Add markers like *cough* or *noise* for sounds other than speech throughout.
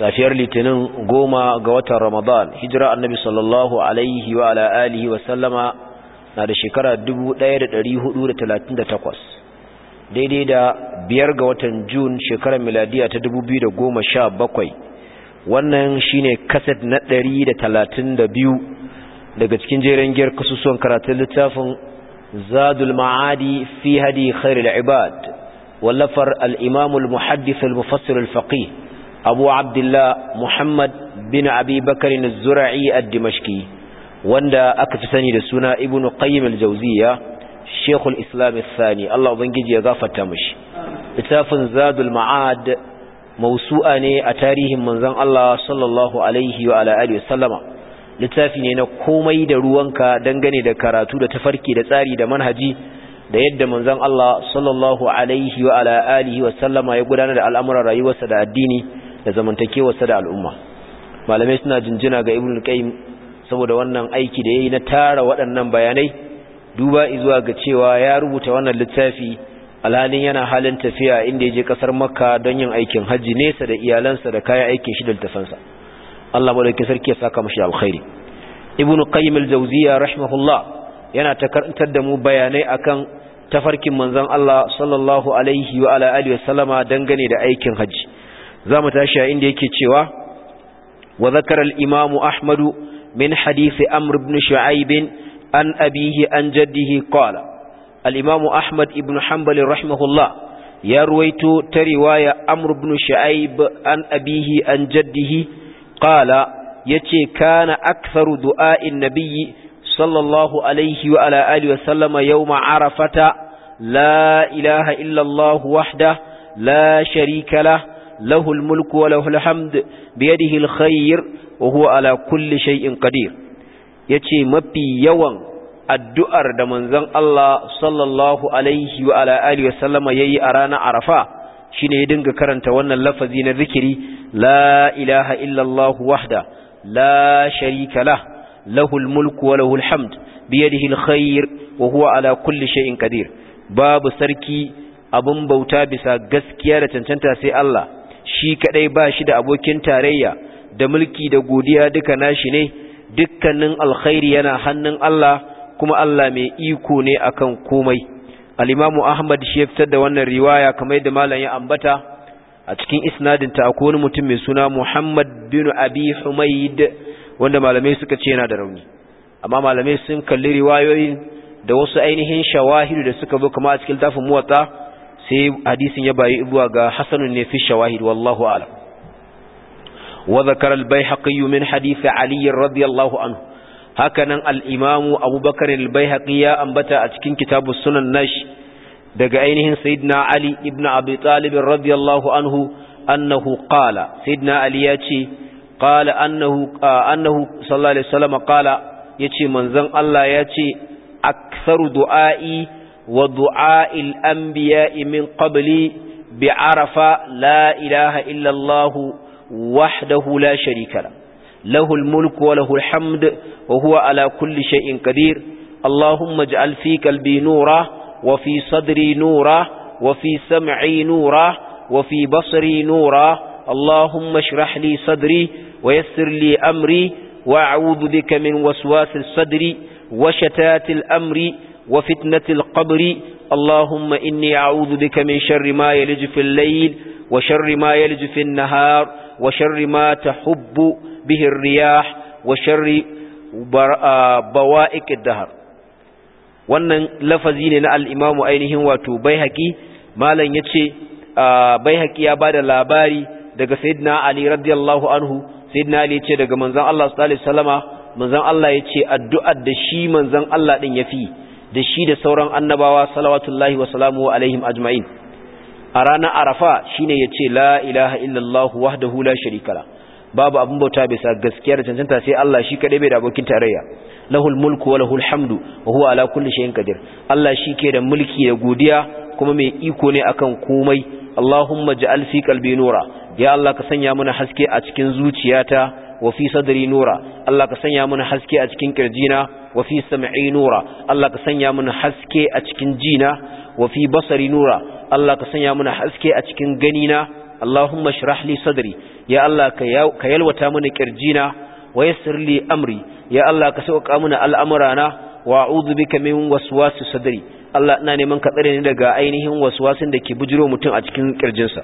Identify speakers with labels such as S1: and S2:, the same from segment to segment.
S1: safiyar litinin goma ga watan ramadan hijira annabi sallallahu alaihi wa ala alihi wa sallama na da shekara 1438 daidai da biyar ga watan jun shekarar miladiya ta 2017 wannan shine kaset na 132 daga cikin jeren giyar kasusuwan karatun littafin zadul ma'adi fi hadi khairul ibad wallafar al imamul al-muhaddith al-mufassir al-faqih abu abdullah muhammad bin abi bakarin zura'i a dimashqi wanda aka fi sani da suna ibnu qayyim al-jawziya shekul islam al-thani Allah ubangiji ya gafarta mishi littafin zadul ma'ad mawsu'a ne a tarihin manzon Allah sallallahu alaihi wa ala alihi littafi ne na komai da ruwanka dangane da karatu da tafarki da tsari da manhaji da yadda manzon Allah sallallahu alaihi wa ala alihi ya gudanar da al'amuran rayuwarsa da addini da zamantakewarsa da al'umma malamai suna jinjina ga ibn qayyim saboda wannan aiki da yayi na tara waɗannan bayanai duba izuwa ga cewa ya rubuta wannan littafi alhalin yana halin tafiya inda ya je kasar makka don yin aikin hajji nesa da iyalansa da kayan aikin shi da littafansa Allah madaukakin sarki ya saka mashi alkhairi ibn qayyim al-jawziya rahimahullah yana ta da mu bayanai akan tafarkin manzon Allah sallallahu alaihi wa ala alihi sallama dangane da aikin hajji za mu tashi a inda yake cewa wa zakara al-imamu ahmadu min hadisi amr ibn shu'aib an abihi an jaddihi qala al-imamu ahmad ibn hanbal rahimahullah ya ruwaito ta riwaya amr ibn shu'aib an abihi an jaddihi qala yace kana aktharu du'a'in nabiyyi sallallahu alaihi wa ala alihi wa sallama yawma arafata la ilaha illa allah wahdahu la sharika lahu له الملك وله الحمد بيده الخير وهو على كل شيء قدير يتي مبي يوان addu'ar da manzon Allah sallallahu alaihi wa ala alihi wa sallama yayi a ranar Arafa shine ya dinga karanta wannan lafazi na zikiri la ilaha illallah wahda la sharika lah lahul mulku wa lahul hamd biyadihi alkhair wa huwa ala kulli shay'in qadir babu sarki abun bauta bisa gaskiya da cancanta sai Allah shi kadai ba shi da abokin tarayya da mulki da godiya duka nashi ne dukkanin alkhairi yana hannun Allah kuma Allah mai iko ne akan komai al imamu Ahmad shi ya da wannan riwaya kamar yadda malam ya ambata a cikin isnadin ta akwai mutum mai suna Muhammad bin Abi Humayd wanda malamai suka ce yana da rauni amma malamai sun kalli riwayoyin da wasu ainihin shawahidu da suka zo kama a cikin tafin muwatta sai hadisin ya bayi zuwa ga hasanun ne fi shawahid wallahu alam wa zakara al-baihaqi min hadith ali radiyallahu anhu hakanan al-imam abubakar al-baihaqi ya ambata a cikin kitabus sunan nash daga ainihin sayyidina ali ibn abi talib radiyallahu anhu annahu qala sayyidina ali ya ce qala annahu annahu sallallahu alaihi wasallam qala yace manzon Allah ya ce aktharu du'a'i ودعاء الأنبياء من قبلي بعرفة لا إله إلا الله وحده لا شريك له له الملك وله الحمد وهو على كل شيء قدير اللهم اجعل في قلبي نورا وفي صدري نورا وفي سمعي نورا وفي بصري نورا اللهم اشرح لي صدري ويسر لي أمري وأعوذ بك من وسواس الصدر وشتات الأمر وفتنة القبر اللهم إني أعوذ بك من شر ما يلج في الليل وشر ما يلج في النهار وشر ما تحب به الرياح وشر بوائك الدهر wannan lafazi ne na al'imamu ainihin wato baihaki malam ya ce baihaki ya ba da labari daga sayidina ali radiyallahu anhu ali ya ce daga manzan Allah su manzan Allah ya ce addu'ar da shi manzan Allah ɗin ya fi da shi da sauran annabawa salawatullahi wa salamu alaihim ajma'in a ranar arafa shine ya ce la ilaha illallah wahdahu la sharikala babu abin bauta bisa gaskiya da cancanta sai Allah shi kadai bai da abokin tarayya lahul mulku wa lahul hamdu wa huwa ala kulli shay'in qadir Allah shi ke da mulki da godiya kuma mai iko ne akan komai Allahumma ja'al fi qalbi nura ya Allah ka sanya mana haske a cikin zuciyata wa fi nura Allah ka sanya mun haske a cikin kirjina na. fi sam'i nura Allah ka sanya mun haske a cikin jina wa fi basari nura Allah ka sanya mun haske a cikin ganina Allahumma shrah li sadri ya Allah ka yalwata mana kirjina na? yassir li amri ya Allah ka sauka mun al'amurana wa a'udhu bika min waswasi sadri Allah ina neman ka tsare ni daga ainihin waswasin da ke bujiro mutum a cikin kirjinsa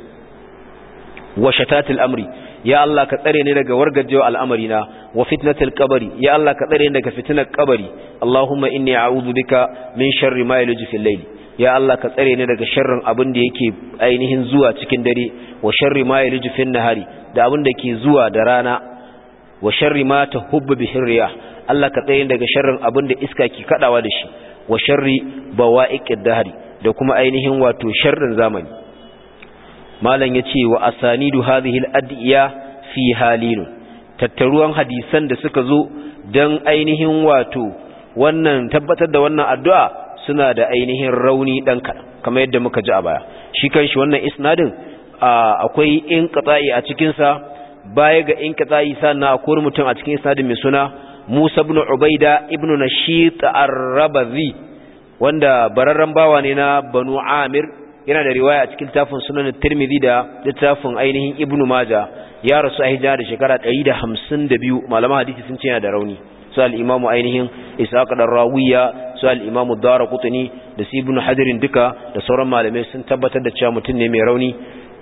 S1: wa shatatil amri ya Allah ka tsare ni daga wargajewa al'amarina wa fitnatil kabari. ya Allah ka tsare ni daga fitnar qabri Allahumma inni a'udhu bika min sharri ma yalju fil layl ya Allah ka tsare ni daga sharrin abin da yake ainihin zuwa cikin dare wa sharri ma yalju fil nahari da abin da ke zuwa da rana wa sharri ma tahubbu bihi riyah Allah ka tsare ni daga sharrin abin da iska ke kadawa da shi wa sharri bawa'iqid dahri da kuma ainihin wato sharrin zamani malam ya ce wa asanidu hadhihi al-adiya fi halin tattaruwan hadisan da suka zo dan ainihin wato wannan tabbatar da wannan addu'a suna da ainihin rauni dan kamar yadda muka ji a baya shi kanshi wannan isnadin akwai in inqita'i a cikin sa baya ga inqita'i a akwai mutum a cikin isnadin mai suna Musa ibn Ubaida ibn Nashit ar-Rabazi wanda bararren bawa ne na Banu Amir yana da riwaya a cikin tafin sunan tirmidhi da littafin ainihin ibnu maja ya rasu a hijira da shekara 152 malaman hadisi sun ce yana da rauni su al-imamu ainihin isaac dan rawiya su al-imamu darqutni da su ibnu duka da sauran malamai sun tabbatar da cewa mutum ne mai rauni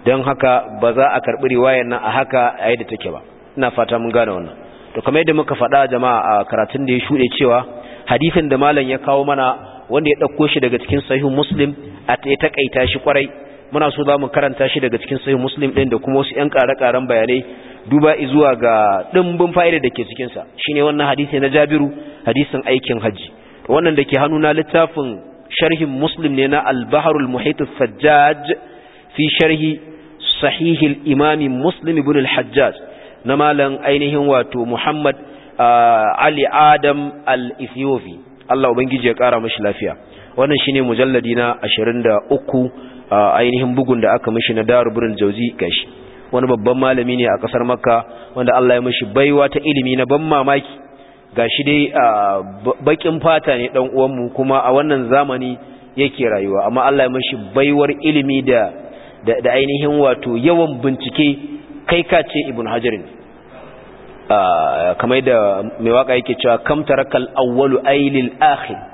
S1: don haka ba za a karbi riwayar nan a haka a yadda take ba ina fata mun gane wannan to kamar yadda muka faɗa jama'a a karatun da ya shuɗe cewa hadisin da malam ya kawo mana wanda ya ɗauko shi daga cikin sahihun muslim a ta takaita shi kwarai muna so za mu karanta shi daga cikin sahih muslim din da kuma wasu yan ƙare-ƙaren bayanai duba zuwa ga dimbin fa'ida da ke cikin sa shine wannan hadisi na Jabiru hadisin aikin haji wannan da ke hannuna littafin sharhin muslim ne na al-baharul muhit Fajjaj fi sharhi sahih al-imam muslim ibn al-hajjaj na malam ainihin wato Muhammad ah, Ali Adam al-Ethiopi Allah ubangiji ya kara mashi lafiya wannan shine mujalladi na 23 ainihin bugun da aka mishi na Darul Jauzi gashi wani babban malami ne a kasar Makka wanda Allah ya mishi baiwa ta ilimi na ban mamaki gashi dai bakin fata ne dan uwanmu kuma a wannan zamani yake rayuwa amma Allah ya mishi baiwar ilimi da da ainihin wato yawan bincike kai ka ce Ibn Hajar kamar da mai waka yake cewa kam tarakal awwalu ailil akhir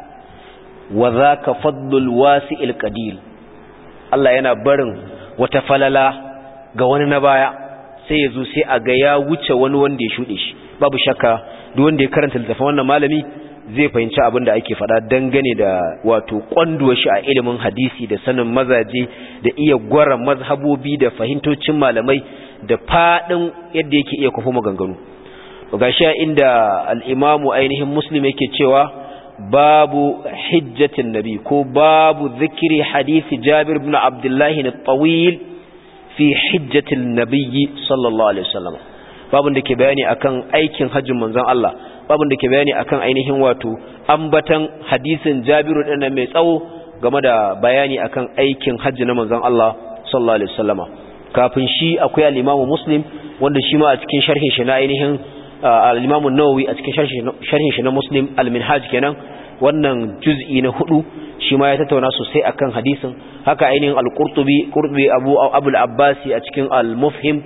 S1: wa za ka fadlul wasi'il ilkadil Allah yana barin wata falala ga wani na baya sai ya zo sai a ga ya wuce wani wanda ya shuɗe shi babu shakka duk wanda ya karanta littafin wannan malami zai fahimci abin da ake faɗa dangane da wato ƙwanduwa shi a ilimin hadisi da sanin mazaje da iya gwara mazhabobi da fahimtocin malamai da faɗin yadda yake iya kwafo maganganu gashi inda al'imamu ainihin muslim yake cewa babu hijjatin nabi ko babu zikiri hadisi jabir ibn abdullahi na tawil fi hijjatin nabiyyi sallallahu alaihi wasallam babun da ke bayani akan aikin hajjin manzon Allah babun da ke bayani akan ainihin wato ambatan hadisin jabiru din mai tsawo game da bayani akan aikin hajji na manzon Allah sallallahu alaihi wasallama kafin shi akwai al-imamu muslim wanda shi ma a cikin sharhin shi na ainihin al-Imam an-Nawawi a cikin sharhin shi na Muslim al-Minhaj kenan wannan juz'i na hudu shi ma ya tattauna sosai akan hadisin haka ainihin al-Qurtubi Qurtubi Abu Abdul Abbasi a cikin al-Mufhim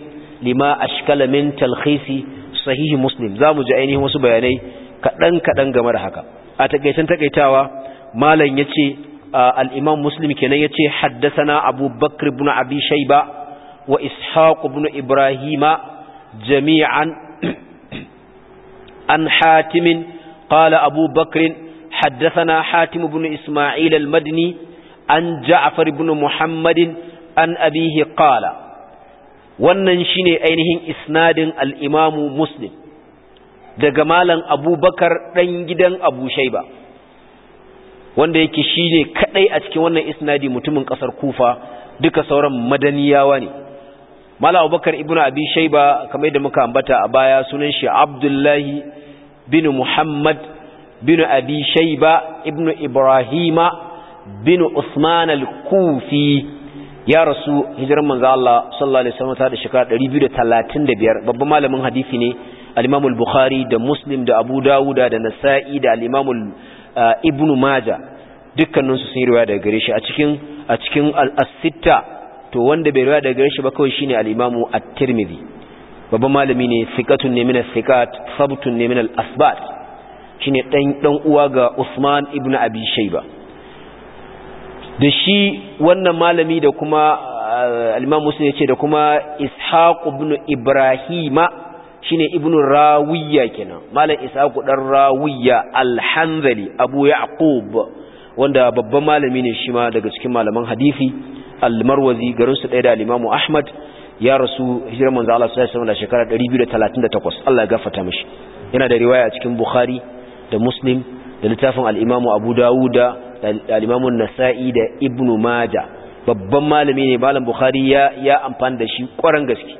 S1: lima ashkala min talkhisi sahih Muslim zamu ji ainihin wasu bayanai kadan kadan game da haka a takeicen takaitawa malam yace al-Imam Muslim kenan yace haddathana Abu Bakr ibn Abi Shayba wa Ishaq ibn Ibrahima jami'an عن حاتم قال أبو بكر حدثنا حاتم بن إسماعيل المدني عن جعفر بن محمد عن أبيه قال wannan shine ainihin isnadin al da Muslim daga malam Abubakar ɗan gidan Abu Shayba wanda yake shine kadai a cikin wannan isnadi mutumin ƙasar Kufa duka sauran madaniyawa ne mala abubakar ibnu abi shaiba kamar da muka ambata a baya sunan shi abdullahi bin muhammad bin abi shaiba ibnu ibrahima bin usman al-kufi ya rasu hijiran manzo Allah sallallahu alaihi wasallam ta da shekara 235 babban malamin hadisi ne al-Imam al-Bukhari da Muslim da Abu Dawud da Nasa'i da al-Imam uh, Ibn Majah dukkanin su sun riwaya daga gare shi a cikin a cikin al to wanda bai riwaya daga shi ba kawai shine al imam at-tirmidhi babban malami ne thiqatun ne min al thiqat sabtun ne min al-asbat shine dan dan uwa ga Usman ibn Abi Shayba da shi wannan malami da kuma eh, al imam Muslim yace da kuma Ishaq ibn Ibrahima shine ibn Rawiya kenan malam Ishaq dan Rawiya al-Hanzali Abu Yaqub wanda babban malami ne shi ma daga cikin malaman hadisi al-marwazi garin su ɗaya da al ahmad ya rasu hijirar manzo Allah sallallahu alaihi shekara 238 Allah ya gafarta mishi yana da riwaya a cikin Bukhari da Muslim da littafin alimamu Abu Dawuda da al nasai da ibnu maja babban malami ne malam Bukhari ya ya amfana da shi ƙwaran gaske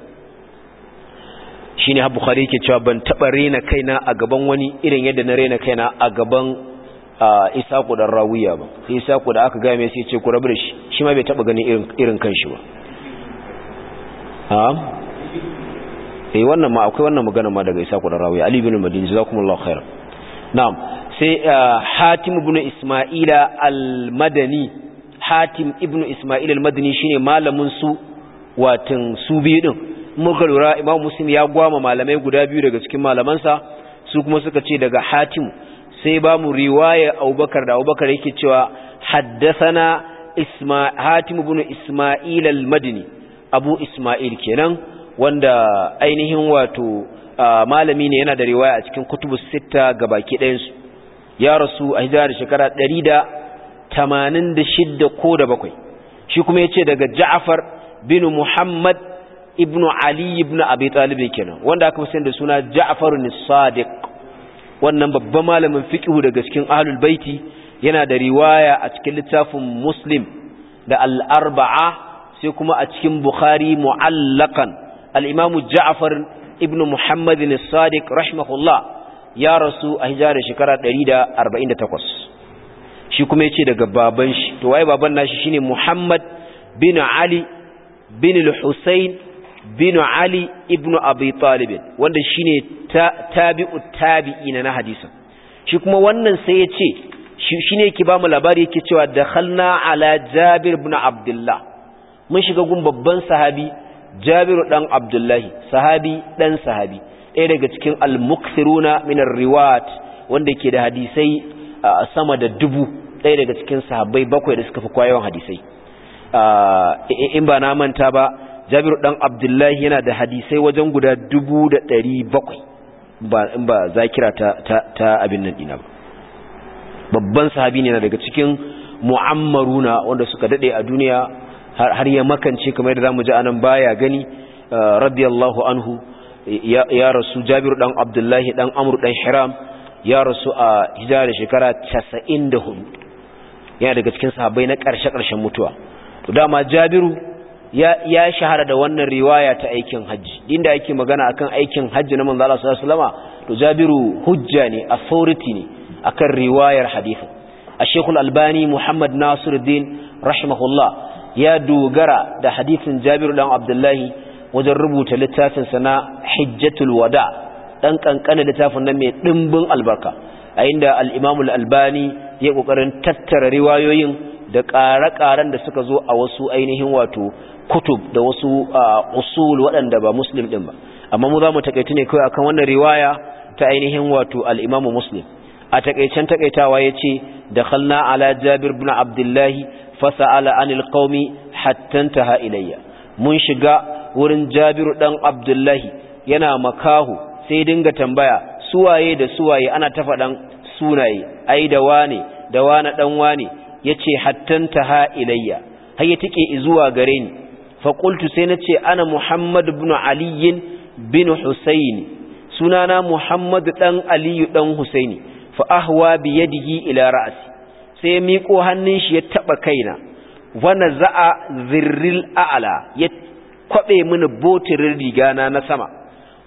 S1: shine har Bukhari yake cewa ban taba rena kaina a gaban wani irin yadda na rena kaina a gaban a isaku da rawiya ba sai isaku da aka gaya sai ce ku rabu da shi shi ma bai taba ganin irin kanshi ba na'am yi eh, wannan ma akwai wannan magana ma daga isaku da rawiya ali ibn madini jazakumullahu khair na'am sai eh, hatim ibn isma'ila al-madani hatim ibn isma'ila al-madani shine malamin su watin su biyu din muka lura imam muslim ya gwama malamai guda biyu daga cikin malamansa su kuma suka ce daga hatim sai ba mu riwaya abubakar da abubakar yake cewa haddasana hatim hatima isma'il al-madini abu isma'il kenan wanda ainihin wato malami ne yana da riwaya a cikin kutubus sita baki ɗayansu ya rasu a hijira da shekara 186 ko da bakwai shi kuma ya ce daga ja'afar bin muhammad ibn ali ibn abi talib kenan wanda aka fi da suna ja'farun sadiq wannan babban malamin fiqhu daga cikin ahlul baiti yana da riwaya a cikin littafin muslim da al-arba'a sai kuma a cikin bukhari mu'allaqan al-imamu ja'far ibn muhammad as-sadiq rahimahullah ya rasu a hijira shekara 148 shi kuma yace daga baban shi to waye baban nashi shine muhammad bin ali bin al-husayn bin ali ibnu abi talib wanda shine tabi'u tabi'ina na hadisin shi kuma wannan sai ya ce shi ne yake ba mu labari yake cewa da ala jabir ibn abdullah mun shiga gun babban sahabi jabiru dan abdullahi sahabi dan sahabi ɗaya daga cikin al min ar riwat wanda ke da hadisai sama da dubu ɗaya daga cikin sahabbai bakwai da suka fi kwayon hadisai in ba na manta ba jabiru dan abdullahi yana da hadisai wajen guda dubu da ɗari bakwai in ba zakira ta abin nan ina ba babban sahabi ne daga cikin mu'ammaruna wanda suka daɗe a duniya har ya makance kamar yadda zamu ji anan baya gani uh, radiyallahu anhu ya rasu jabiru dan abdullahi dan amur dan hiram ya rasu a hijira da shekara 94 yana daga cikin sahabbai na ƙarshe-ƙarshen mutuwa dama jabiru ya shahara da wannan riwaya ta aikin hajji inda ake magana akan aikin hajji na manzo Allah sallallahu alaihi wasallam to Jabiru hujja ne authority ne akan riwayar hadisin shaykh Al-Albani Muhammad Nasiruddin rahimahullah ya dogara da hadisin Jabiru dan Abdullahi wajen rubuta littafin sa na Hijjatul Wada dan kankana littafin nan mai dimbin albarka a inda al-Imam Al-Albani ya kokarin tattara riwayoyin da ƙare-ƙaren da suka zo a wasu ainihin wato kutub da wasu usul waɗanda ba muslim ɗin ba amma mu za mu takaitu ne kawai akan wannan riwaya ta ainihin wato al'imamu muslim a takaicen takaitawa ya ce da khalna ala jabir bin abdullahi fasa'ala anil qaumi hattanta ha mun shiga wurin jabiru dan abdullahi yana makahu sai dinga tambaya suwaye da suwaye ana ta faɗan sunaye ai da wane da wane dan wane yace hattanta ha har ya tike zuwa gare ni faƙultu sai na ce ana muhammad bin aliyin bin husaini sunana Muhammadu ɗan aliyu ɗan husaini fa'ahwa bi yadihi ila ra'asi sai miƙo hannun shi ya taɓa kaina wana za'a zirril a'ala ya kwaɓe mini botirin rigana na sama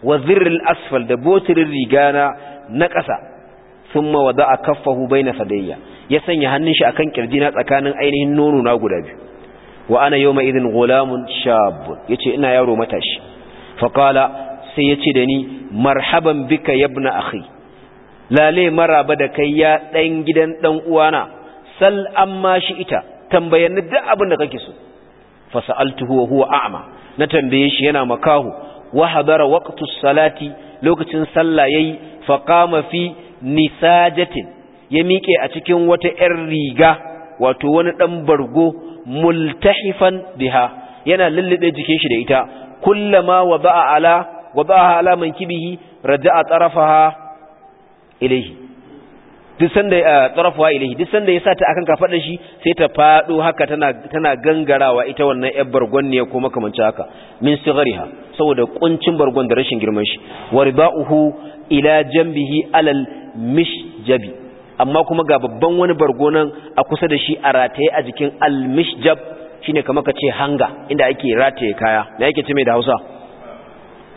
S1: wa zirril asfal da botirin rigana na ƙasa summa wada'a kaffahu baina sadayya ya sanya hannun shi akan kirji na tsakanin ainihin nono na guda biyu wa ana yawma gulamun shabu. Ya yace ina yaro matashi Faƙala sai sai yace da ni marhaban bika yabna akhi lale maraba da kai ya ɗan gidan ɗan uwana sal amma shi ita tambayan ni duk abin da kake so fa sa'altuhu huwa a'ma na tambaye shi yana makahu wa hadara waqtu salati lokacin sallah yayi fa qama fi nisajatin ya miƙe a cikin wata 'yar riga wato wani ɗan bargo multahifan biha yana lullube jikin shi da ita kullama wada'a ala ala mankibihi raja'a tarafaha ilayhi duk sanda eh, tarafuwa ilayhi duk sanda ya ta akan kafadar shi sai ta fado haka tana tana gangarawa ita wannan yar bargon ne ko makamancin haka min sigariha saboda kuncin bargon da rashin girman shi wa ila jambihi alal mishjabi amma kuma ga babban wani bargo nan a kusa da shi a rataye a jikin almishjab shine kamar ka ce hanga inda ake rataye kaya me yake ce mai da Hausa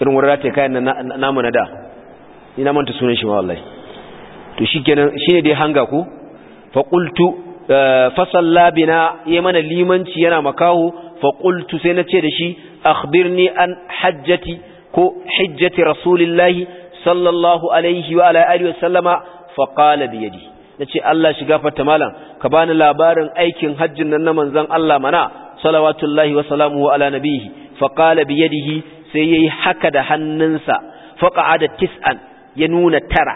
S1: irin wurin rataye kayan nan namu na da ni na manta sunan shi ma wallahi to shikenan shine dai hanga ko fa qultu eh, fa salla bina mana limanci yana makahu fa qultu sai na ce da shi akhbirni an hajjati ko hajjati rasulillahi sallallahu alaihi wa ala alihi wa sallama faqala bi yadi ce Allah shiga fata malam ka bani labarin aikin hajjin nan na manzon Allah mana salawatullahi wa salamuhu ala nabihi faqala bi yadihi sai yayi haka da hannunsa da tis'an ya nuna tara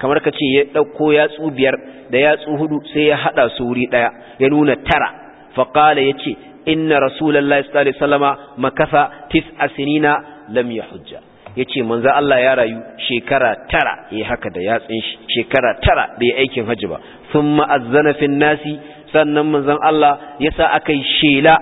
S1: kamar ka ce ya ɗauko yatsu biyar da yatsu hudu sai ya haɗa su wuri ɗaya ya nuna tara faƙala ya ce inna rasulallah sallallahu alaihi makasa tis'a sinina lam ya hujja Ya ce manzo Allah ya rayu shekara tara ya haka da yatsun shi shekara tara bai aikin hajji ba Sun ma'azzanafin fin nasi sannan manzon Allah yasa akai shela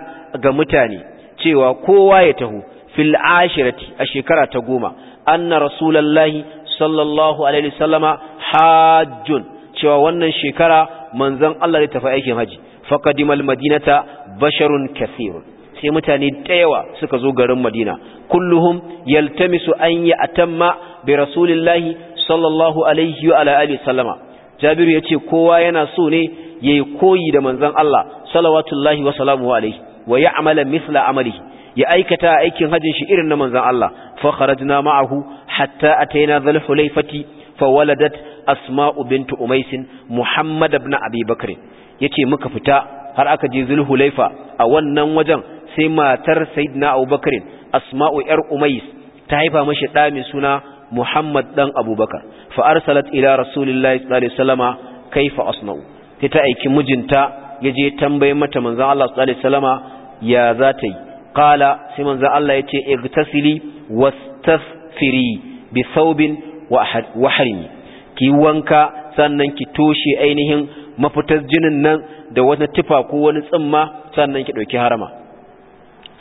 S1: ga mutane cewa kowa ya taho fil ashirati a shekara ta goma anna rasulullahi sallallahu alaihi wasallama hajjun cewa wannan shekara manzon Allah ya tafi aikin hajji. faqadimal madinata basharun kaseerun sai mutane da suka zo garin madina kulluhum yaltamisu an ya atamma bi rasulillahi sallallahu alaihi wa alihi sallama jabiru yace kowa yana so ne yayi koyi da manzon Allah salawatullahi wa salamu alaihi wa ya'mala misla amalihi ya aikata aikin hajjin shi irin na manzon Allah fa kharajna ma'ahu hatta ataina dhul hulaifati fa waladat asma'u bint Umaisin muhammad ibn abi bakr yace muka fita har aka je zulhulaifa a wannan wajen sai matar sayyidina abubakar asma'u yar umais ta haifa mashi ɗa mai suna muhammad dan abubakar fa arsalat ila rasulillahi sallallahu alaihi wasallama kaifa asna'u ta ta aiki mijinta yaje tambaye mata manzon Allah sallallahu alaihi wasallama ya za ta yi qala sai manzon Allah yace igtasili wastafiri bi thawbin wa harimi ki wanka sannan ki toshe ainihin mafitar jinin nan da wata tufa ko wani tsimma sannan ki ɗauki harama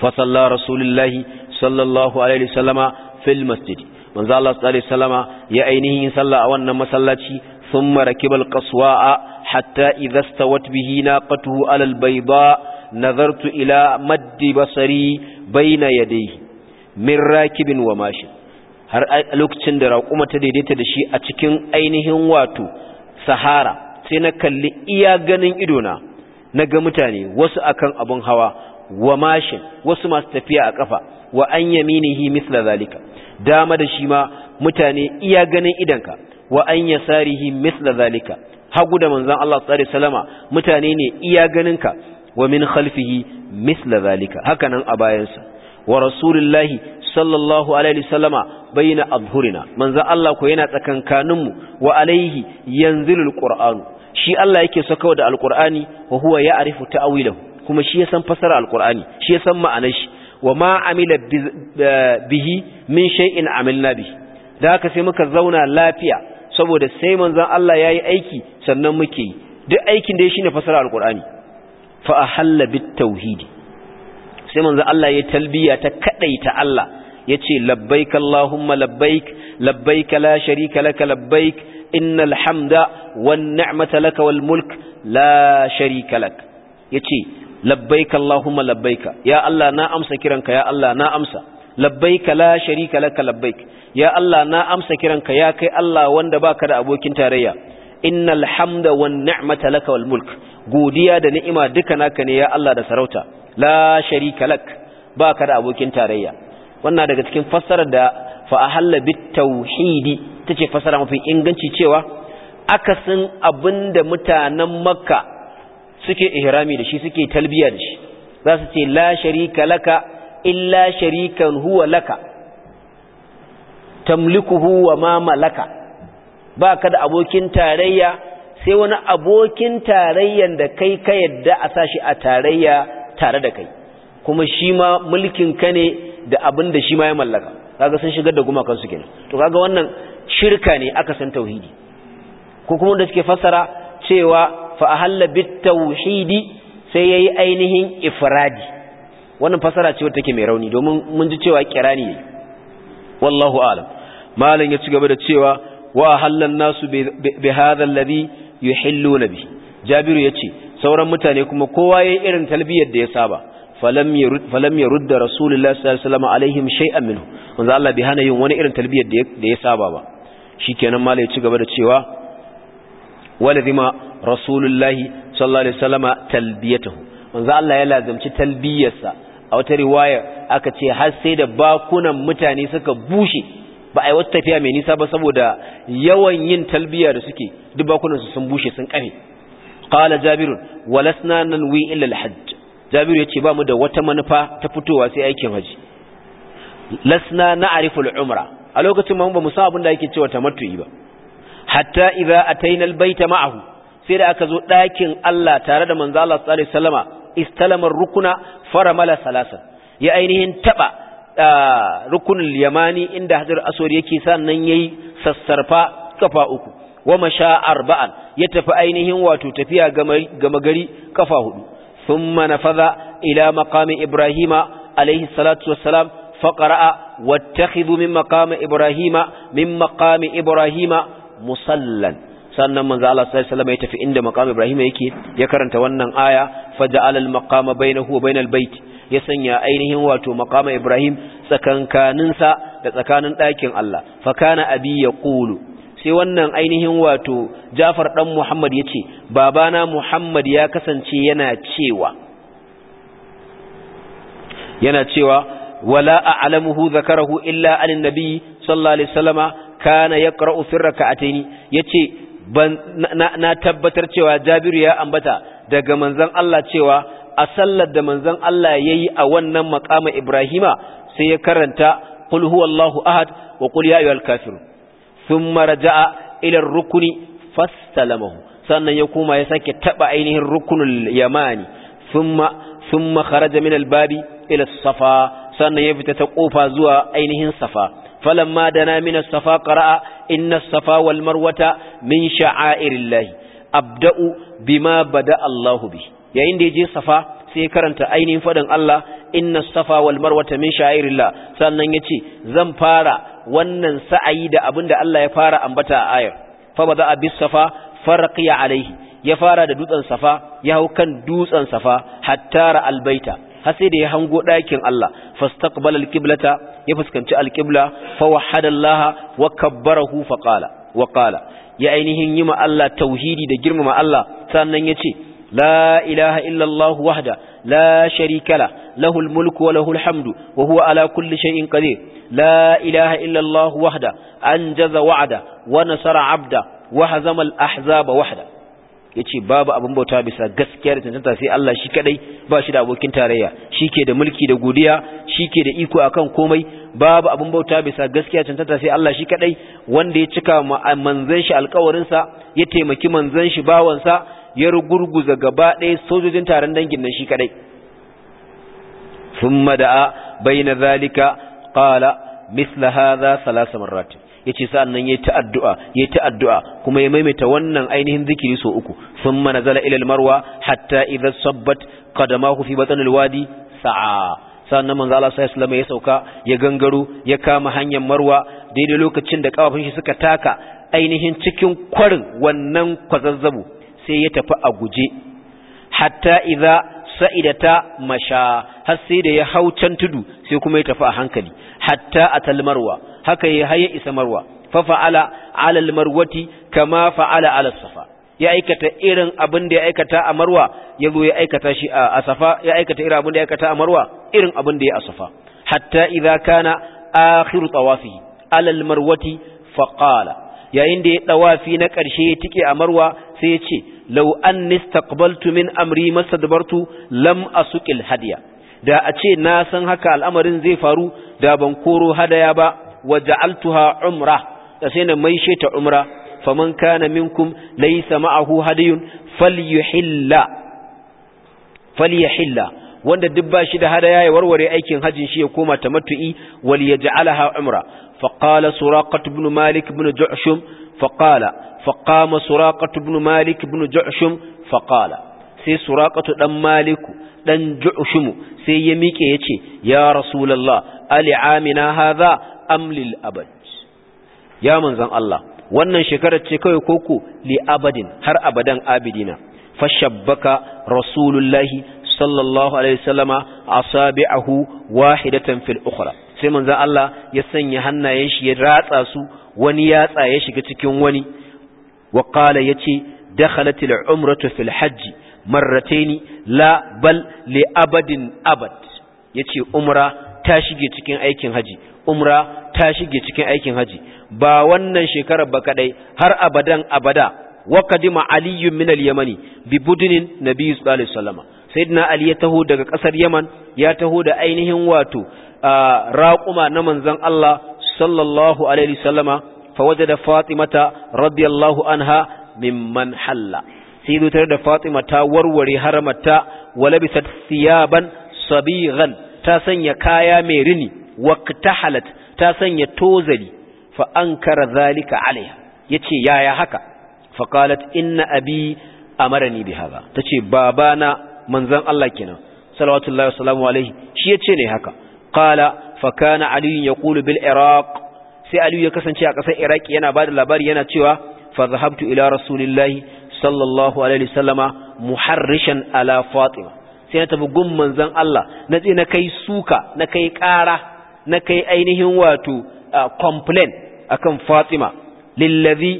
S1: فصلى رسول الله صلى الله عليه وسلم في المسجد من الله صلى الله عليه وسلم يا أينه صلى أولا مسلتي ثم ركب القصواء حتى إذا استوت به ناقته على البيضاء نظرت إلى مد بصري بين يديه من راكب وماشي har lokacin da raƙuma ta daidaita da shi a cikin ainihin wato sahara sai na kalli iya ganin idona na ga mutane wasu akan abun hawa wa mashin wasu masu tafiya a ƙafa wa an yaminihi misla zalika dama da shi ma mutane iya ganin idanka wa an yasarihi misla zalika hagu da manzon Allah sallallahu alaihi mutane ne iya ganinka wa min khalfihi misla zalika hakanan a bayansa wa rasulullahi sallallahu alaihi wasallama baina adhurina manzon Allah ko yana tsakankaninmu wa alaihi yanzilul shi Allah yake sakawa da alqur'ani wa huwa ya'rifu ta'wilahu kuma shi ya san fasara alkur'ani shi ya san ma'anar shi wa ma eh, bihi min shay'in amilna bihi da haka sai muka zauna lafiya saboda sai manzon Allah yayi aiki sannan muke yi duk aikin da ya shine fasara alkur'ani fa ahalla bit tauhid sai manzon Allah ya talbiya ta kadaita Allah yace labbaik allahumma labbaik labbaik la sharika laka labbaik innal hamda wan ni'mata laka wal mulk la sharika lak yace labbaika Allahumma labbaika ya Allah na amsa kiranka ya Allah na amsa labbaika la sharika laka labbaik ya Allah na amsa kiranka ya kai Allah wanda baka da abokin tarayya innal hamda wan ni'mata laka wal mulk godiya da ni'ima duka naka ne ya Allah da sarauta la sharika lak baka da abokin tarayya wannan daga cikin fassarar da fa ahalla bit tauhidi tace fassara mafi inganci cewa akasin abinda mutanen makka suke ihrami da shi suke talbiya da shi za su ce la sharika laka illa sharikan huwa laka tamlikuhu wa ma malaka ba ka da abokin tarayya sai wani abokin tarayyan da kai ka yadda a sashi a tarayya tare da kai kuma shi ma mulkin ka ne da abin da shi ma ya mallaka kaga sun shigar da gumakan su kenan to kaga wannan shirka ne aka san tauhidi ko kuma da suke fassara cewa fa ahalla bit tauhidi sai yayi ainihin ifradi wannan fasara ce wacce take mai rauni domin mun ji cewa kirani yayi. wallahu a'lam malam ya ci gaba da cewa wa ahallan nasu bi hadha alladhi yuhilluna bi jabiru yace sauran mutane kuma kowa yayi irin talbiyar da ya saba falam yarud falam yarud rasulullahi sallallahu alaihi wasallam shay'an minhu Allah bi hana yin wani irin talbiyar da ya saba ba shikenan malam ya ci gaba da cewa walazima rasulullahi sallallahu alaihi wasallama talbiyatahu manzo Allah ya lazimci talbiyarsa a wata riwaya aka ce har sai da bakunan mutane suka bushe ba a yi wata tafiya mai nisa ba saboda yawan yin talbiya da suke duk bakunan su sun bushe sun kame qala jabirun walasna nanwi illa alhajj jabiru yace ba mu da wata manufa ta fitowa sai aikin haji lasna na al-umra a lokacin mun ba mu san abin da yake cewa tamattu'i ba hatta idza atainal baita ma'ahu sai da aka zo ɗakin Allah tare da manzo Allah sallallahu alaihi wasallama istalama rukuna faramala salasa, ya ainihin taba rukunul yamani inda hajar aswar yake sannan yayi sassarfa kafa uku wa masha arba'an ya tafi ainihin wato tafiya gama gari kafa hudu thumma nafaza ila maqami ibrahima alaihi salatu wassalam فقرأ واتخذوا من مقام Ibrahima min مقام Ibrahima. musallan sannan manzo Allah sallallahu alaihi ya tafi inda maqam Ibrahim yake ya karanta wannan aya faja'al al-maqama bainahu wa bainal bait ya sanya ainihin wato maqama Ibrahim tsakankanin sa da tsakanin ɗakin Allah fa kana abi yaqulu sai wannan ainihin wato Jafar dan Muhammad yace babana Muhammad ya kasance yana cewa yana cewa wala a'lamuhu zakarahu illa an-nabi sallallahu alaihi wasallama kana yaqra'u a taini, ya ce na tabbatar cewa Jabiru ya ambata daga manzon Allah cewa a sallar da manzon Allah yayi a wannan maqama Ibrahima sai ya karanta qul huwallahu ahad wa qul ya ayyuhal kafirun thumma raja'a ila ar-rukni fastalamahu sannan ya koma ya sake taba ainihin rukunin yamani Sun thumma min babi ila safa sannan ya fita ta ƙofa zuwa ainihin safa falamma dana min as-safa qara'a inna as-safa wal marwata min sha'airillahi abda'u bima bada Allahu bi yayin da je safa sai ya karanta ainihin faɗin Allah inna safa wal marwata min sha'irillah sannan ya ce zan fara wannan sa'ayi da da Allah ya fara ambata a ayar fa bada bis safa farqiya alaihi ya fara da dutsen safa ya hau kan dutsen safa hattara albaita har sai da ya hango ɗakin Allah fastaqbala alqiblata ya fuskanci alqibla fa wahada Allah wa kabbarahu fa qala wa qala ya ainihin yima Allah tauhidi da girmama Allah sannan yace la ilaha illa Allah wahda la sharika la lahu mulku wa lahul hamdu wa huwa ala kulli shay'in qadir la ilaha illa Allah wahda anjaza wa'da wa nasara 'abda wa hazama al-ahzaba wahda Ya ce babu abin bauta bisa gaskiya da tantanta sai Allah shi kadai ba shi da abokin tarayya shi ke da mulki da godiya ke da iko akan komai babu abin bauta bisa gaskiya tantanta sai Allah shi kadai wanda ya cika manzon shi alƙawarin sa ya taimaki manzon shi bawansa sa ya rugurguza gaba ɗaya sojojin taron dangin nan shi kadai thumma da'a baina zalika qala misla hadha thalath marrat ya ce sa'an nan yayi ta'addu'a yayi addu'a kuma ya maimaita wannan ainihin zikiri so uku thumma nazala ila marwa hatta idha sabbat qadamahu fi batn wadi sa'a sa'an nan manzo Allah ya sauka ya gangaro ya kama hanyar marwa daidai lokacin da kafafun shi suka taka ainihin cikin kwarin wannan kwazazzabu sai ya tafi a guje hatta sa'ida ta masha har sai da ya hau can tudu sai kuma ya tafi a hankali hatta a talmarwa haka ya haya isa marwa fa fa'ala ala almarwati kama fa'ala ala safa ya aikata irin abin da ya aikata a marwa ya zo ya aikata shi a safa ya aikata irin abin da ya aikata a marwa irin abin da ya a safa hatta idza kana akhiru tawafi ala almarwati fa qala yayin da ya dawafi na karshe ya tike a marwa sai ya ce law an istaqbaltu min amri masadbartu lam asuqil hadiya da a ce na san haka al'amarin zai faru da ban koro hadaya ba wa ja'altuha umra da sai na maishe ta umra faman kana minkum laysa ma'ahu hadiyun falyuhilla falyuhilla wanda duk ba shi da hadaya ya warware aikin hajjin shi ya koma tamattu'i wal yaj'alaha umra fa qala suraqah ibn malik ibn ju'shum fa qala fa qama ibn malik ibn ju'shum fa qala sai suraƙatu ɗan maliku ɗan ju'ushumu sai ya miƙe ya ce ya rasulallah ali amina haza amlil abad ya manzan Allah wannan shekarar ce kawai koko li abadin har abadan abidina fashabbaka rasulullahi sallallahu alaihi wasallama asabi'ahu wahidatan fil ukhra sai manzan Allah ya sanya hannayen shi ya ratsa su wani yatsa ya shiga cikin wani wa qala yace dakhalatil umratu fil hajji marrataini la bal li abadin abad yace umra ta shige cikin aikin haji umra ta shige cikin aikin haji ba wannan shekarar ba kadai har abadan abada wa kadima aliyu min al-yamani bi budinin nabi sallallahu alaihi wasallam sayyidina ali ya taho daga kasar yaman ya taho da ainihin wato raquma na manzon Allah sallallahu alaihi wasallama فوجد Fatimata رضي anha min ممن halla. sai zo tare da Fatima ta warware haramarta walabisat siyaban sabighan ta sanya kaya mai rini waqtahalat ta sanya tozali fa ankara zalika alaiha yace yaya haka fa qalat inna abi amarani bi hada tace babana manzon Allah kenan salawatullahi wasalamu alaihi shi yace ne haka qala fa kana ali yaqulu bil iraq sai ali ya kasance a kasar iraki yana bada labari yana cewa fa zahabtu ila rasulillahi sallallahu alaihi wasallama muharrishan ala fatima sai na tafi gun manzon Allah na tsaye na kai suka na kai ƙara na kai ainihin wato complain akan fatima lillazi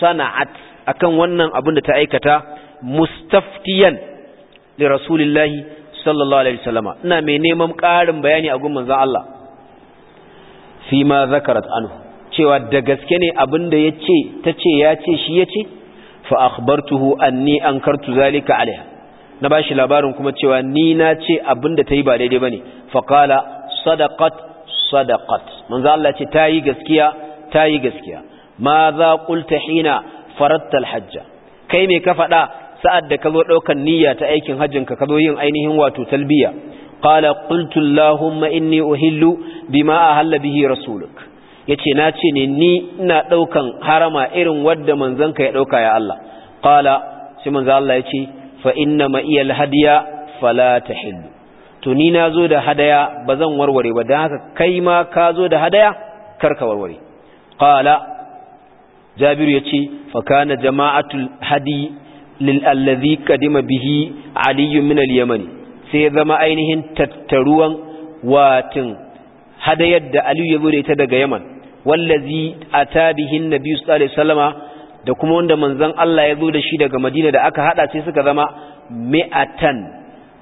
S1: sana'at akan wannan abin da ta aikata mustaftiyan li rasulillahi sallallahu alaihi wasallama ina mai neman ƙarin bayani a gun manzon Allah fi ma zakarat anhu cewa da gaske ne abin da ya ce ta ce ya ce shi ya ce fa akhbartuhu anni ankartu zalika alaiha na bashi labarin kuma cewa ni na ce abinda tayi ba daidai bane fa qala sadaqat sadaqat manzo Allah ce tayi gaskiya tayi gaskiya ma za qulta hina faratta alhajja kai me ka faɗa sa'ad da ka zo ɗaukan niyya ta aikin hajjin ka zo yin ainihin wato talbiya qala qultu allahumma inni uhillu bima ahalla bihi rasuluk yace na ce ne ni ina ɗaukan harama irin wanda manzanka ya ɗauka ya Allah qala sai manzo Allah yace fa inna ma iyal hadiya fala tahillu to ni zo da hadaya zan warware ba dan haka kai ma ka zo da hadaya karka warware qala jabiru yace fa kana jama'atul hadi lil alladhi kadima bihi ali min al yamani sai zama ainihin tattaruwan watin hadayar da aliyu ya zo da ita daga yaman wallazi ata bihin nabi sallallahu alaihi wasallama da kuma wanda manzon Allah ya zo da shi daga Madina da aka hada sai suka zama mi'atan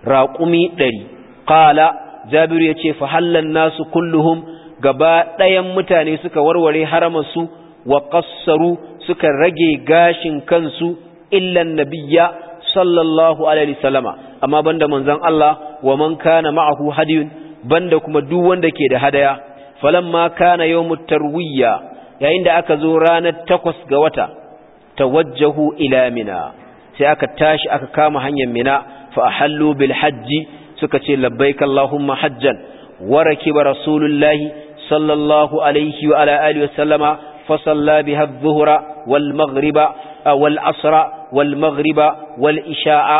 S1: raqumi 100 qala jabiru yace fa hallan nasu kulluhum gaba ɗayan mutane suka warware su wa qassaru suka rage gashin kansu illan nabiyya sallallahu alaihi wasallama amma banda manzon Allah wa man kana ma'ahu hadiyun banda kuma duk wanda ke da hadaya falamma kana yawmut tarwiya yayin da aka zo ranar takwas ga wata tawajjahu ila mina sai aka tashi aka kama hanyar mina fa ahallu bil hajji suka ce labbaik allahumma hajjan wa rakiba rasulullahi sallallahu alaihi wa ala alihi wa sallama fa salla biha adh-dhuhra wal maghriba wal asra wal maghriba wal isha'a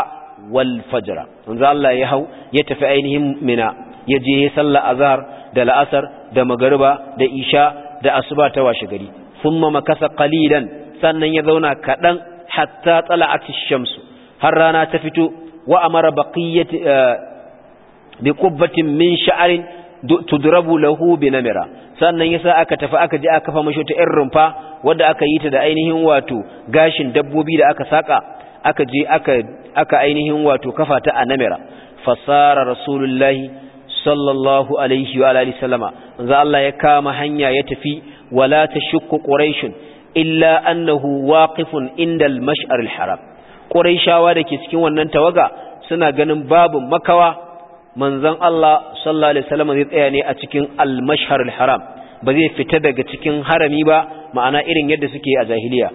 S1: wal fajra manzo Allah ya hau ya tafi ainihin mina ya je sallar azhar da la'asar da magariba da isha da asuba ta washe gari thumma makasa qalilan sannan ya zauna kadan hatta tala'at ash-shamsu har rana ta fito wa amara baqiyati eh, bi qubbatin min sha'rin tudrabu lahu bi namira sannan yasa aka tafi aka je aka kafa mashota ta irin rumfa wanda aka yi ta da ainihin wato gashin dabbobi da aka saka aka je aka aka ainihin wato kafa ta a namira fasara rasulullahi sallallahu alaihi wa alihi sallama manzo Allah ya kama hanya ya tafi wala tashukku quraish illa annahu waqifun inda al-mash'ar al-haram quraishawa dake cikin wannan tawaga suna ganin babu makawa manzon Allah sallallahu alaihi wasallama zai tsaya ne a cikin al-mash'ar al-haram ba zai fita daga cikin harami ba ma'ana irin yadda suke a jahiliya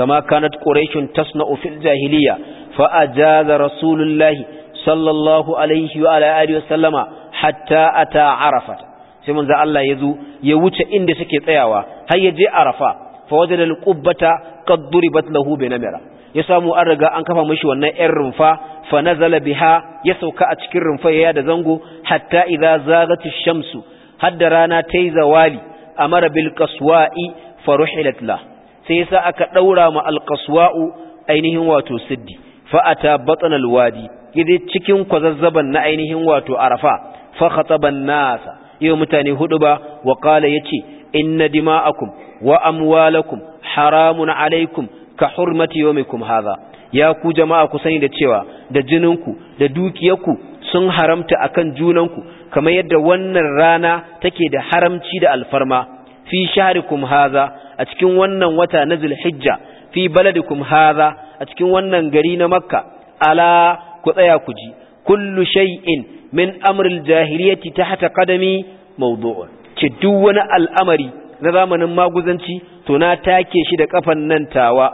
S1: kama kanat quraishun tasna'u fil jahiliya fa ajaza rasulullahi sallallahu alaihi wa alihi wasallama hatta ata arafat sai manzo Allah ya zo ya wuce inda suke tsayawa har ya je arafa fa wajada alqubbata qad duribat lahu bi namira ya samu an riga an kafa mishi wannan yar rumfa fa nazala biha ya sauka a cikin rumfa ya da zango hatta idza zagat ash-shamsu hadda rana tayi zawali amara bil qaswa'i fa ruhilat la sai yasa aka daura ma al qaswa'u ainihin wato siddi fa ata batnal wadi yaje cikin kwazazzaban na ainihin wato arafa fa nasa yau mutane hudu ba wa qala yace inna dima'akum wa amwalakum haramun alaikum ka hurmati yawmikum haza. ya ku jama'a ku sani da cewa da jininku da dukiyarku sun haramta akan junanku kamar yadda wannan rana take da haramci da alfarma fi shahrikum haza a cikin wannan wata na zulhijja fi baladikum haza a cikin wannan gari na makka ala ku tsaya ku ji kullu shay'in min amril jahiliyati tahta qadami mawdu'un ki duk wani al'amari na zamanin maguzanci to na take shi da kafan nan tawa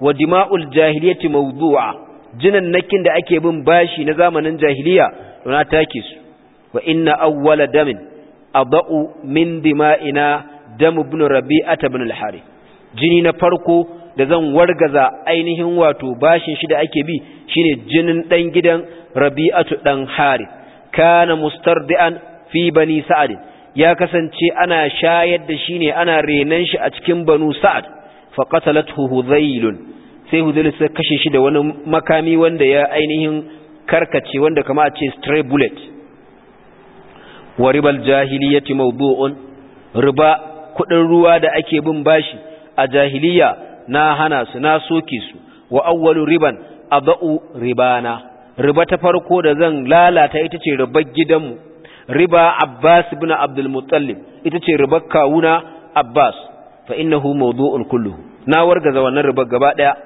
S1: wa dima'ul jahiliyati mawdu'a jinan nakin da ake bin bashi na zamanin jahiliya to na take su wa inna awwala damin adau min dima'ina dam ibn rabi'ata ibn al-harith jini na farko da zan wargaza ainihin wato bashin shi da ake bi shine jinin dan gidan rabi'atu dan harith kana mustardi'an fi bani sa'ad ya kasance ana shayar da shi ne ana renan shi a cikin banu sa'ad fa qatalathu hudhailun sai hudhail sai kashe shi da wani makami wanda ya ainihin karkace wanda kama a ce stray bullet wa ribal jahiliyyati mawdu'un riba kudin ruwa da ake bin bashi a jahiliya na hana su na soke su wa awwalu riban adau ribana riba ta farko da zan lalata ita ce ribar gidanmu riba abbas ibn abdul muttalib ita ce ribar kawuna abbas fa innahu mawdu'un kulluhu na wargaza wannan ribar gaba daya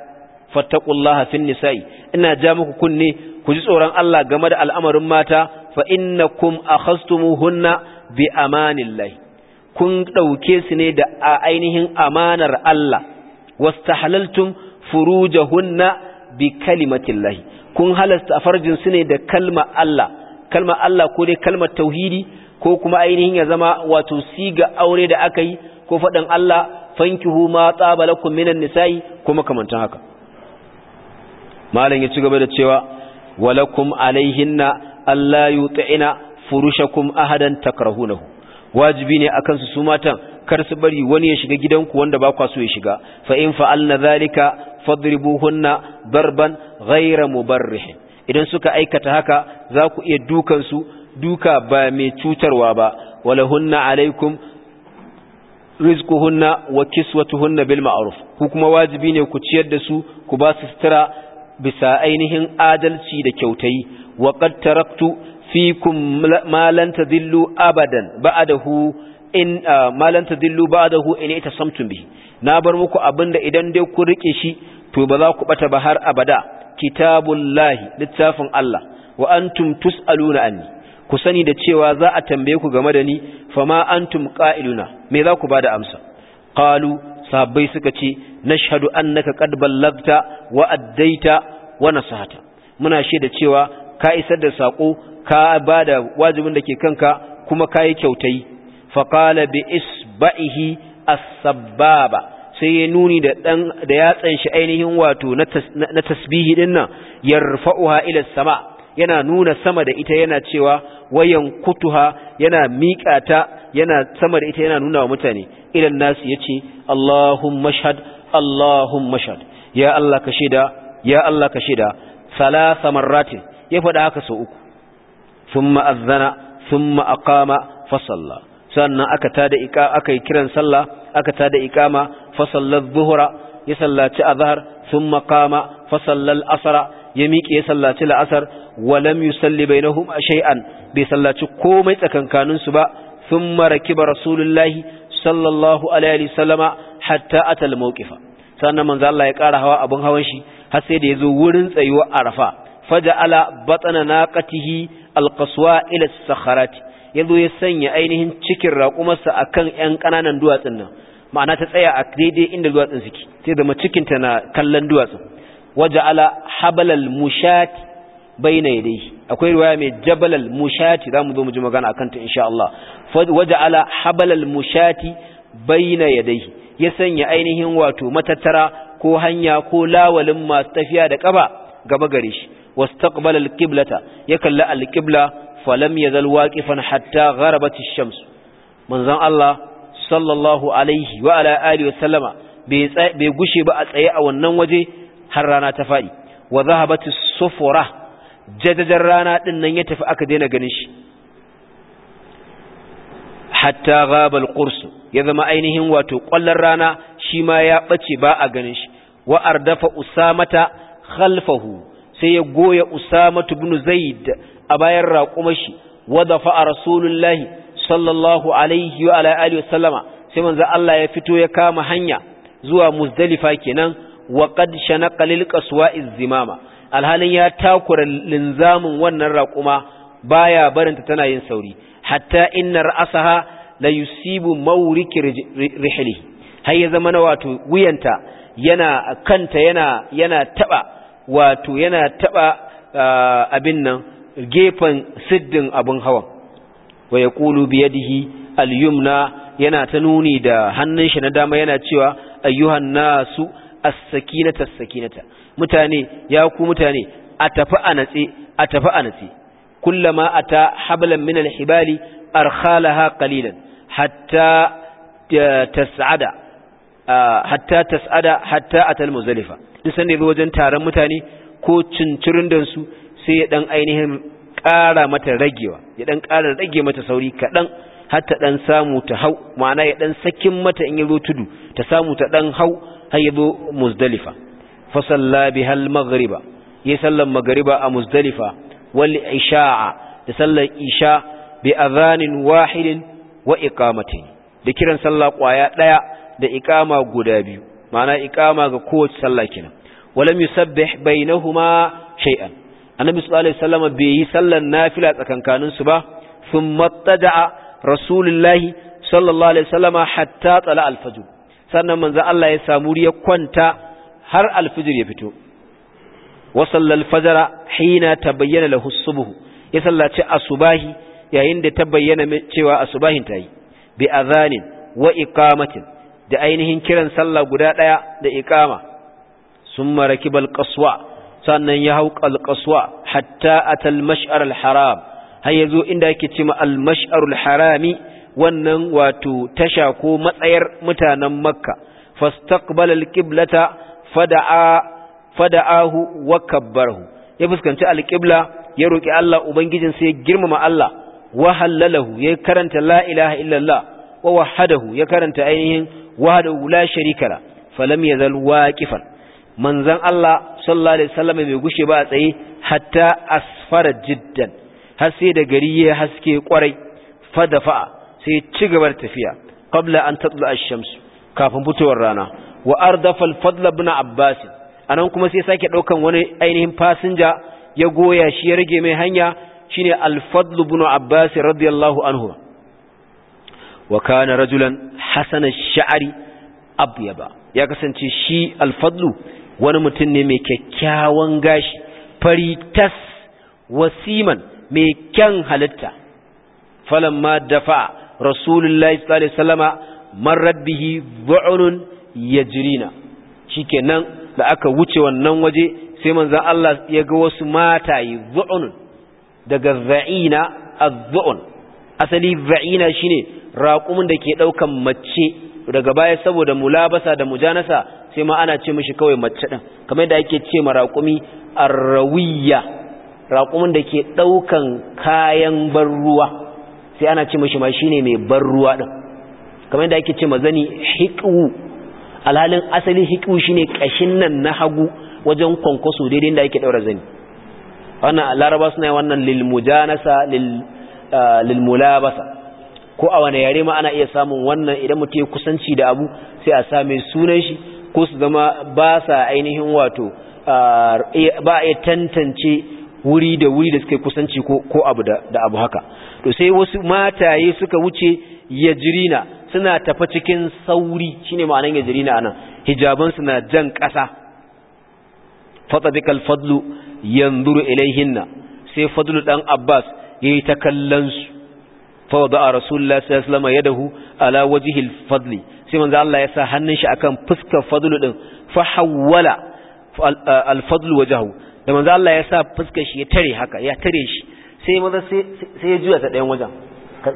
S1: fattaqullaha fin nisa'i ina ja muku kunne ku ji tsoron Allah game da al'amarin mata fa innakum akhastumuhunna bi amanillahi kun dauke su ne da ainihin amanar Allah wastahalaltum furujahunna bi kalimatillahi kun halasta a farjin su ne da kalma Allah kalma Allah ko dai kalmar tauhidi ko kuma ainihin ya zama wato siga aure da aka yi ko faɗin Allah fankihu ma tsaba minan nisa'i kuma kamantan haka malam ya ci gaba da cewa walakum alaihinna alla yuta'ina furushakum ahadan takrahunahu wajibi ne akan su su matan kar su bari wani ya shiga gidanku wanda ba kwa so ya shiga fa in fa'alna zalika fadribuhunna darban ghaira mubarrihin idan suka aikata haka za ku iya dukansu duka ba mai cutarwa ba hunna alaikum hunna wa hunna bil ma'ruf ku kuma wajibi ne ku ciyar da su ku ba su sutura bisa ainihin adalci da kyautayi wa qad taraktu fikum ma lan tadillu abadan ba'dahu in ah, ma lan tadillu ba'dahu in itasamtum bihi na bar muku abinda idan dai ku rike shi to ba za ku bata ba har abada kitabullahi littafin Allah wa antum tus'aluna anni ku sani da cewa za a tambaye ku game da ni fama antum qa'iluna me za ku bada amsa qalu sahabbai suka ce nashhadu annaka qad ballagta wa addaita wa nasahata muna shaida cewa ka isar da sako ka bada wajibin da ke kanka kuma ka yi kyautai faqala bi isba'ihi as-sababa sai ya nuni da yatsan shi ainihin wato na tasbihi din nan uha, ila sama yana nuna sama da ita yana cewa wayan kutuha yana miƙa ta yana sama da ita yana nuna wa mutane ilan nasu ce Allahumma shahad Allahumma shahad ya Allah ka shida ya Allah ka shida salasa marratin ya faɗa haka sau uku sun ma'azana sun aqama fa sannan aka tada iqa aka yi kiran sallah aka tada iqama fa sallat dhuhra ya sallaci azhar thumma qama fa sallal asra ya miƙe ya sallaci la'asar wa lam yusalli bainahum shay'an bai sallaci komai tsakankanin su ba thumma rakiba rasulullahi sallallahu alaihi wasallama hatta atal mawqifa sannan manzo Allah ya ƙara hawa abun hawan shi har sai da yazo wurin tsayuwa Arafa faja'ala batana naqatihi alqaswa ila sakharati ya zo ya sanya ainihin cikin raƙumarsa a kan ‘yan ƙananan duwatsun nan ma'ana ta tsaya a daidai inda duwatsun suke sai zama cikinta na kallon duwatsun waje ala habalal mushati bai na yadai akwai ruwaya mai jabalal mushati za mu zo mu ji magana a kanta insha Allah waje ala habalal mushati bai na yadai ya sanya ainihin wato matattara ko hanya ko lawalin masu tafiya da ƙaba gaba gare shi wasu taƙbalar kiblata ya kalli alƙibla falam yazal waqifan hatta gharabat ash-shams manzon Allah sallallahu alaihi wa ala alihi wa sallama bai gushe ba a tsaye a wannan waje har rana ta fadi wa dhahabat as-sufra rana din nan ya tafi aka daina ganin shi hatta ghaba al-qurs ya zama ainihin wato ƙwallon rana shi ma ya bace ba a ganin shi wa ardafa usamata khalfahu sai ya goya usamatu ibn zaid a bayan raƙumar shi wadda fa'a rasulullahi sallallahu alaihi wa alaihi wasallama sai manza Allah ya fito ya kama hanya zuwa muzdalifa kenan wa qad shanaqa lil qaswa'iz alhalin ya takura linzamin wannan raƙuma baya barinta tana yin sauri hatta inna ra'asaha la yusibu mawriki rihli har ya zama na wato wuyanta yana kanta yana yana taba wato yana taba ah, abin nan gefen siddin abin hawan wa ya ƙulu biyadihi dihi yana ta nuni da hannun shi na dama yana cewa ayyuhan nasu as-sakinata sakinata mutane ya ku mutane a tafi a natse a tafi a natse kullama ata hablan min al-hibali arkhalaha qalilan hatta tas'ada hatta tas'ada hatta atal muzalifa duk sanda wajen taron mutane ko cincirin sai ya dan ainihin ƙara mata ragewa ya dan ƙara rage mata sauri kaɗan har ta dan samu ta hau ma'ana ya dan sakin mata in yazo tudu ta samu ta dan hau har ya muzdalifa fa salla bihal maghriba ya sallan maghriba a muzdalifa wal isha'a da sallar isha bi adhanin wahidin wa iqamatin da kiran sallah kwaya daya da iqama guda biyu ma'ana iqama ga kowace sallah kenan walam yusabbih bainahuma shay'an annabi sallallahu alaihi wasallam bai yi sallar nafila tsakankanin su ba thumma tada'a rasulullahi sallallahu alaihi wasallama hatta tsala alfajr sannan manzo Allah ya samu riya kwanta har alfajr ya fito wa sallal fajra hina tabayyana lahu subh ya sallaci asubahi yayin da ta bayyana cewa asubahin ta yi bi azanin wa iqamatin da ainihin kiran sallah guda daya da iqama summa rakibal qaswa sannan ya hau ƙalƙaswa, hatta atal talmashar haram har yazo inda yake cewa almash'ar mashar harami wannan wato tasha ko matsayar mutanen makka fastaqbala ƙiblata qiblata fada'a fada'ahu wa kabbarahu ya fuskanci alƙibla ya roki Allah ubangijin sai ya girmama Allah wa halalahu ya karanta la ilaha illallah wa wahadahu ya karanta ainihin wahdahu la sharika la falam yazal waqifan manzan Allah sallallahu alaihi wasallam bai gushe ba a tsaye hatta asfara jiddan har sai da gari ya haske kwarai fadafa sai ci gaba da tafiya qabla an tatla ash-shams kafin fitowar rana wa ardafa al-fadl ibn abbas anan kuma sai sake daukan wani ainihin fasinja ya goya shi ya rage mai hanya shine al-fadl ibn abbas radiyallahu anhu wa kana rajulan hasana ash-sha'ri abyaba ya kasance shi al-fadl wani mutum ne mai kyakkyawan gashi fari tas wasiman mai kyan halitta ma dafa rasulullahi sallallahu alaihi bihi marrat ya jirina. yajrina shikenan da aka wuce wannan waje sai manzon Allah ya ga wasu mataye dhu'un daga za'ina a asali za'ina shine raqumin da ke ɗaukan mace daga baya saboda mulabasa da mujanasa sai ma ana ce mishi kawai mace din kamar yadda ake ce ma raƙumi arrawiya raƙumin da ke ɗaukan kayan ban ruwa sai ana ce mishi ma shine mai ban ruwa din kamar yadda ake ce ma zani hiqu alhalin asali hiqu shine kashin nan na hagu wajen kwankwaso daidai da ake daura zani wannan laraba suna wannan lil mujanasa lil lil mulabasa ko a wani yare ma ana iya samun wannan idan mutum ya kusanci da abu sai a same sunan shi ko su zama ba sa ainihin wato e, ba a tantance wuri da wuri da suka kusanci ko abu da abu haka to sai wasu mataye suka wuce yajirina suna tafa cikin sauri shine ma'anan yajirina anan hijaban na jan ƙasa fatadikal fadlu yanzuru ilaihinna sai fadlu dan abbas yayi ta kallon su fa wada rasulullahi sallallahu alaihi wasallam yadahu ala wajihil fadli sai manzo Allah ya sa hannun shi akan fuskar fadlu din fa hawwala al fadlu wajahu da manzo Allah ya sa fuskar shi ya tare haka ya tare shi sai sai ya juya ta ɗayan wajen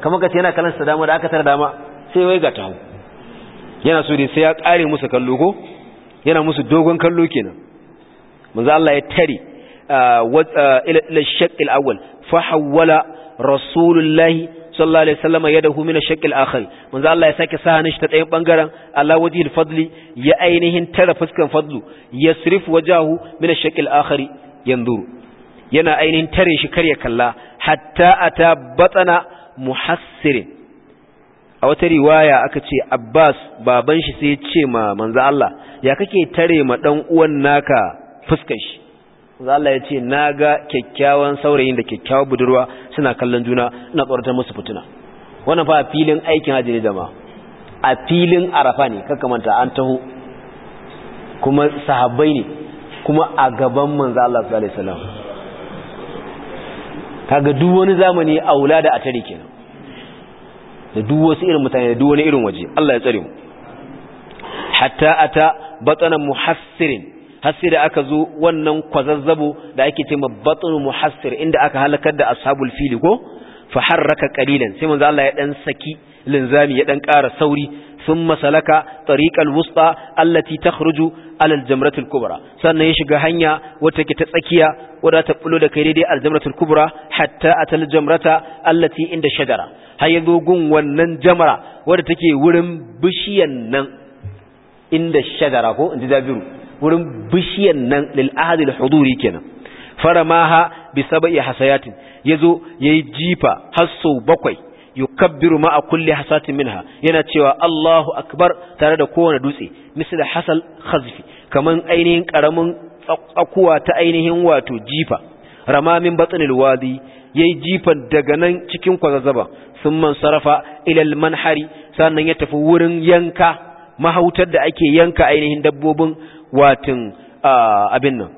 S1: kamar ka yana kallon sa dama da aka tara dama sai wai ga taho yana so dai sai ya kare musu kallo ko yana musu dogon kallo kenan manzo Allah ya tare ila shaqqil awwal fa hawwala rasulullahi sallallahu alaihi wasallam yadahu min ash-shaqq akhir manzo Allah ya sake sa hannun shi ta ɗayan bangaren ala wajhil fadli ya ainihin tara fuskan fadlu yasrif wajahu min ash-shaqq al-akhir yanzuru yana ainihin tare shi kar ya kalla hatta ata batana muhassirin a wata riwaya aka ce Abbas baban shi sai ya ce ma manzo Allah ya kake tare ma dan uwan naka fuskan shi Za Allah ya ce na ga kyakkyawan saurayin da kyakkyawan budurwa suna kallon juna na tsoratar musu fituna wannan fa filin aikin hajji ne jama'a a filin arafa ne kakka manta an taho kuma sahabbai ne kuma a gaban manzo Allah sallallahu alaihi wasallam kaga duk wani zamani aula da atari kenan da duk wasu irin mutane da duk wani irin waje Allah ya tsare mu hatta ata batana muhassirin har sai da aka zo wannan kwazazzabo da ake cewa batnu muhassir inda aka halakar da ashabul fili ko fa harraka qalilan sai manzo Allah ya dan saki linzami ya dan ƙara sauri thumma salaka tariqal wusta allati takhruju ala aljamratil kubra sannan ya shiga hanya wata ke ta tsakiya wadda ta bulo da kai daidai aljamratil kubra hatta atal jamrata allati inda shajara har zo gun wannan jamra wadda take wurin bishiyan nan inda shajara ko inda jabiru wurin bishiyan nan lil ahadil huduri kenan faramaha bi ya hasayatin yazo yayi jifa har sau bakwai yukabbiru ma'a kulli hasatin minha yana cewa Allahu akbar tare da kowane dutse misal hasal khazfi kaman ainihin karamin tsakuwa ta ainihin wato jifa ramamin batnil wadi yayi jifan daga nan cikin kwazazzaba sun man sarrafa ilal manhari sannan ya tafi wurin yanka mahautar da ake yanka ainihin dabbobin watin abin nan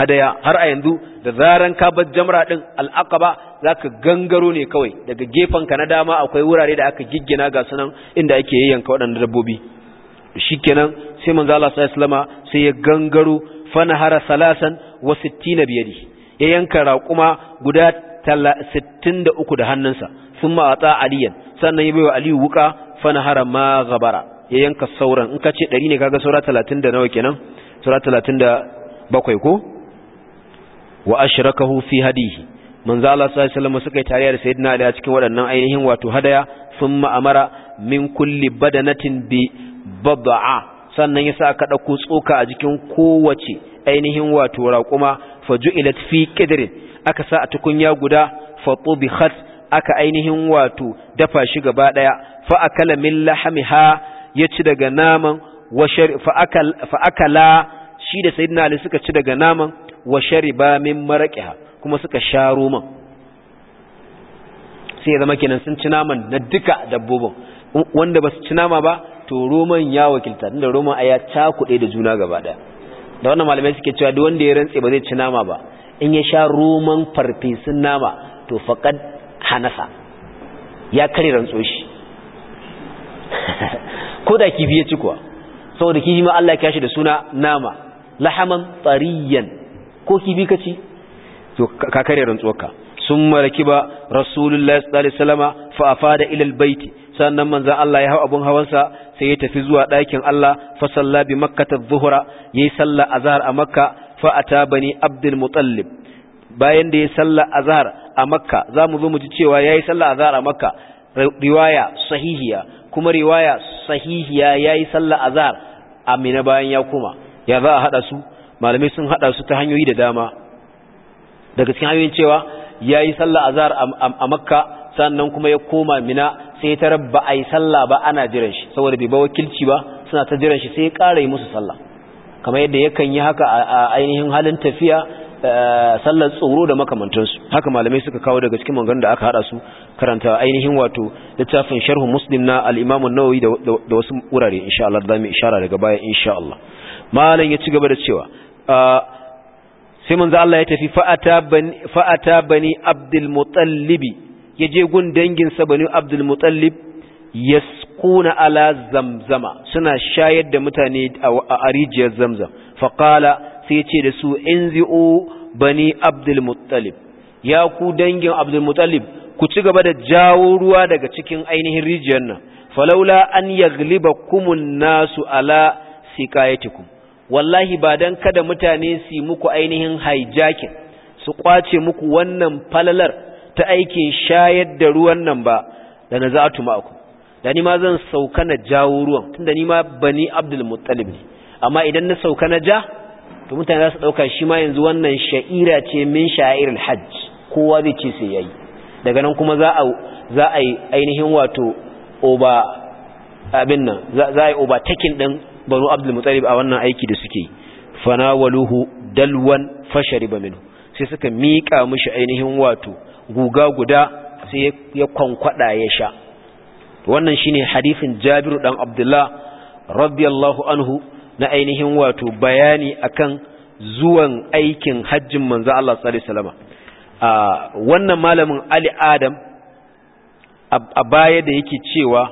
S1: hadaya har a yanzu da zaran ka bar jamra din al'aqaba zaka gangaro ne kawai daga gefen ka na dama akwai wurare da aka giggina ga sunan inda ake yayyanka wadannan dabbobi shikenan sai manzo Allah sallallahu alaihi wasallama sai ya gangaro fanahara salasan wa 60 biyadi ya yanka raƙuma guda 63 da hannunsa sun ma'ata aliyan sannan ya baiwa aliyu wuka fanahara ma gabara ya yanka sauran in ka ce ɗari ne kaga saura talatin da nawa kenan saura talatin ko wa ashrakahu fi hadihi manzo Allah sallallahu alaihi suka yi tariya da sayyidina Ali a cikin waɗannan ainihin wato hadaya thumma amara min kulli badanatin bi bab'a sannan yasa aka dauko tsoka a jikin kowace ainihin wato raƙuma faj'ilat fi qidrin aka sa a tukunya guda fatubihat aka ainihin wato dafa shi gaba daya fa akala min lahamiha ya ci daga naman fa fa'akala shi da sayidina ali suka ci daga naman wa shariba min maraqiha kuma suka sha roman sai ya zama kenan sun ci naman na duka dabbobin wanda ba su ci nama ba to roman ya wakilta tunda roman aya cakuɗe da juna gaba da da wannan malamai suke cewa duk wanda ya rantse ba zai ci nama ba in ya sha roman farfesun nama to faqad hanasa ya kare rantso shi *laughs* ko da kifi ya ci kuwa saboda kifi ma Allah ya kashi da suna nama lahaman tsariyan ko kifi ka ci to ka rantsuwarka sun maraki ba rasulullahi sallallahu alaihi fa'afa da ilal ila albayti sannan manzon Allah ya hau abun hawansa sai ya tafi zuwa ɗakin Allah fa salla bi makkata dhuhra yayi salla azhar a makka fa ata bani abdul muttalib bayan da ya salla azhar a makka zamu zo mu ji cewa yayi salla azhar a makka riwaya sahihiya kuma riwaya sahihiya ya yayi sallah azhar mina bayan ya koma ya za a hada su malamai sun haɗa su ta hanyoyi da dama daga cikin hanyoyin cewa ya yi sallah azhar a makka sannan kuma ya koma mina sai ya tarar ba a yi sallah ba ana jiran shi saboda bai ba wakilci ba suna ta jiran shi sai ya ƙara yi musu sallah kamar yadda yakan yi haka a ainihin halin tafiya Eh, sallar tsoro da makamantansu haka malamai suka kawo daga cikin mangan da aka hada su karanta ainihin wato littafin sharhu muslim na al-imam da wasu wurare insha Allah da mu ishara daga baya insha Allah malam ya ci gaba da cewa eh, sai manzo Allah ya tafi fa'ata bani fa'ata bani abdul je gun dangin sa bani abdul mutallib Yaskuna ala zamzama suna shayar da mutane a rijiyar zamzam faqala sai ce da su inzi'u bani abdul muttalib ya ku dangin abdul muttalib ku ci gaba da jawo ruwa daga cikin ainihin rijiyar nan falaula an kumun nasu ala sikayatikum wallahi ba dan kada mutane su muku ainihin hijacking su kwace muku wannan falalar ta aikin shayar da ruwan nan ba da nazatu ma'akum da ni ma zan sauka na jawo ruwan tunda ni ma bani abdul muttalib ne amma idan na sauka na ja to mutane za su dauka shi ma yanzu wannan sha'ira ce min sha'iril hajj kowa zai ce sai yayi daga nan kuma za a za a yi ainihin wato oba abin nan za a yi oba takin din banu abdul muttalib a wannan aiki da suke fanawaluhu dalwan fashariba minhu sai suka mika mishi ainihin wato guga guda sai ya kwankwada ya sha wannan shine hadisin Jabiru dan Abdullah radiyallahu anhu na ainihin wato bayani akan zuwan aikin hajjin manzo Allah sallallahu alaihi wasallam wannan malamin Ali Adam a baya da yake cewa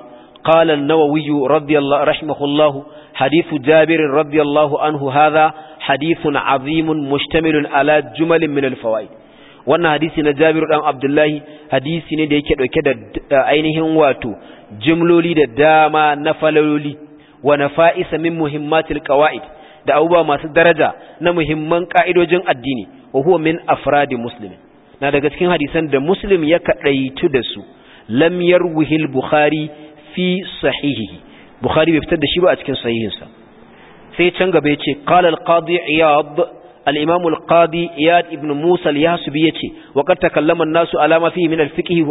S1: qala an-nawawi radiyallahu rahimahullahu hadithu Jabir radiyallahu anhu haza hadithun azimun mushtamilun ala jumalin min al wannan hadisi na Jabiru dan Abdullahi hadisi ne da yake dauke da ainihin wato jimloli da dama na falaloli wa fa'isa min muhimmatil qawaid da abubuwa masu daraja na muhimman ka'idojin addini wa huwa min afradi muslimin na daga cikin hadisan da muslim ya kadaitu da su lamyar wuhil bukhari fi sahihihi bukhari bai fitar da shi ba a cikin sahihinsa sai can gaba yace qala al-qadi iyad al al-qadi iyad ibn musa al-yahsubi ce wa qad takallama nasu ala ma min al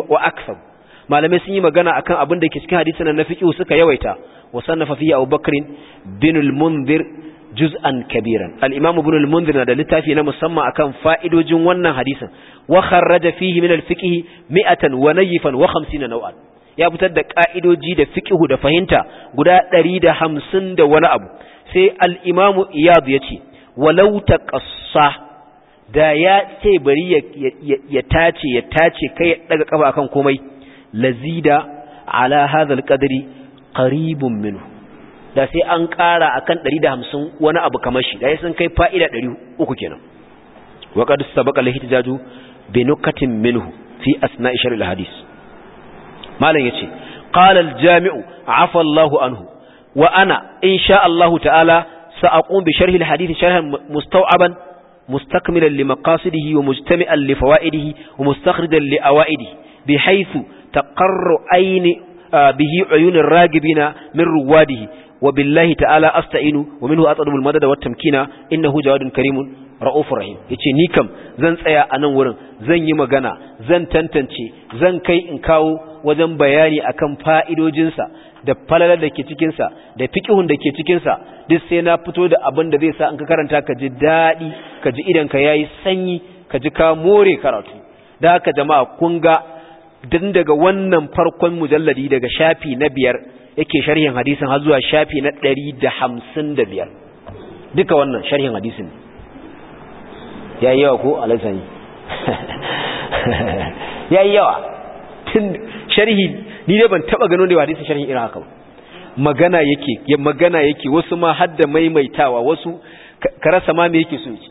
S1: wa akthar malamai sun yi magana akan abin da ke cikin hadisin nan na fiqh suka yawaita wa sannafa fihi Abu Bakr bin al-Mundhir juz'an kabiran al-Imam Ibn al na da littafi na musamman akan fa'idojin wannan hadisin wa kharraja fihi min al-fiqh mi'atan wa nayfan wa 50 naw'an ya fitar da ka'idoji da fiqh da fahimta guda 150 da wani abu sai al-Imam Iyad yace walau taqassa da ya ce bari ya tace ya tace kai ya daga kafa akan komai lazida ala hadha alqadri qaribun minhu da sai an ƙara akan 150 wani abu kamar shi dai sun kai fa'ida 300 kenan wa qad sabaqa al-ihtijaju bi nukatin minhu fi asna'i sharh al malam yace qala al-jami'u afa Allahu anhu wa ana insha Allah ta'ala sa'aqum bi sharhi al-hadith sharhan mustaw'aban mustaqmilan li maqasidihi wa mujtami'an li fawaidihi wa mustakhrijan li awaidihi bihaythu taqarru aini uh, bihi uyunir ragibina min ruwadihi وبالله تعالى استعين ومنه اطلب المدد والتمكين انه جواد كريم رؤوف رحيم yace ni kam zan tsaya a nan wurin zan yi magana zan tantance zan kai in kawo wajen bayani akan fa'idojin sa da falalar da ke cikin sa da fiqhun da ke cikin sa duk sai na fito da abin da zai sa in ka karanta ka ji dadi ka ji idan ka yayi sanyi ka ji ka more karatu da haka jama'a kun ga din daga wannan farkon mujalladi daga shafi na biyar yake sharhin hadisin har zuwa shafi na ɗari da hamsin da biyar duka wannan sharhin hadisin ya yi yawa ko alasani *laughs* ya yi yawa tun sharhi ni dai ban taɓa gano da hadisin sharhin irin haka ba magana yake magana yake wasu ma hadda maimaitawa wasu ka rasa ma me yake so yake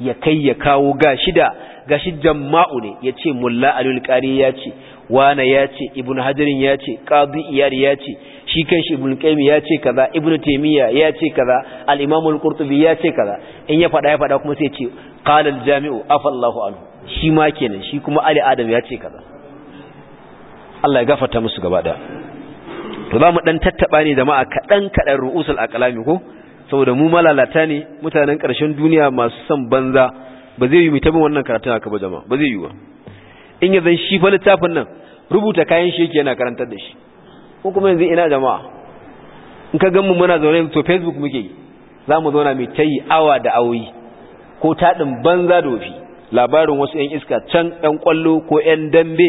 S1: ya kai ya kawo gashi da gashi jamma'u ne ya ce mulla alul qari ya ce wana ya ce ibnu hajarin ya ce qadi iyar ya ce shi kanshi ibnu qayyim ya ce kaza ibnu taymiya ya ce kaza al imam al qurtubi ya ce kaza in ya fada ya fada kuma sai ce qala al jami'u afallahu anhu shi ma kenan shi kuma ali adam ya ce kaza Allah ya gafarta musu gaba daya to za mu dan tattaba ne jama'a kadan kadan ru'usul aqlami ko saboda mu malalata ne mutanen ƙarshen duniya masu son banza ba zai yi mutabin wannan karatun haka ba jama'a ba zai yi ba in zan shi fa littafin nan rubuta kayan shi yake yana karantar da shi ko kuma yanzu ina jama'a in ka gan mu muna zaune to facebook muke yi za mu zauna mai tayi awa da awoyi ko taɗin banza da wafi labarin wasu 'yan iska can 'yan kwallo ko 'yan dambe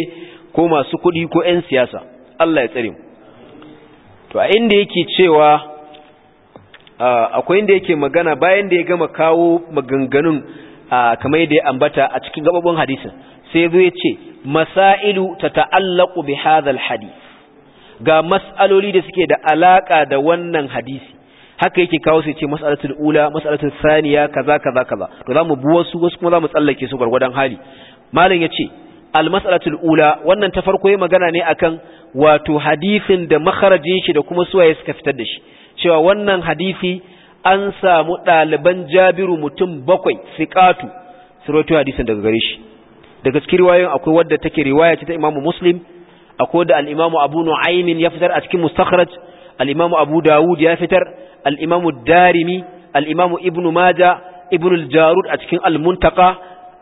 S1: ko masu kuɗi ko 'yan siyasa Allah ya tsare mu to a inda yake cewa Ah, akwai inda yake magana bayan da ya gama kawo maganganun ah, kamar yadda ya ambata a cikin gababban hadisin sai zo ya ce masailu ta ta'allaku bi hadal hadis ga mas'aloli da suke da alaka da wannan hadisi haka yake kawo sai ce mas'alatul ula mas'alatul saniya kaza kaza kaza to zamu bu wasu wasu kuma zamu tsallake su gurgurdan hali malam yace al mas'alatul ula wannan ta farko ya magana ne akan wato hadisin da makharajin shi da kuma suwaye suka fitar da shi cewa wannan hadisi an samu ɗaliban jabiru mutum bakwai siƙatu su rawaito hadisin daga gare shi daga cikin riwayoyin akwai wadda take riwaya ce ta imamu muslim akwai da al'imamu abu nu'aymin ya fitar a cikin mustakhraj al'imamu abu dawud ya fitar al'imamu darimi al'imamu ibnu maja ibnu jarud a cikin al-muntaka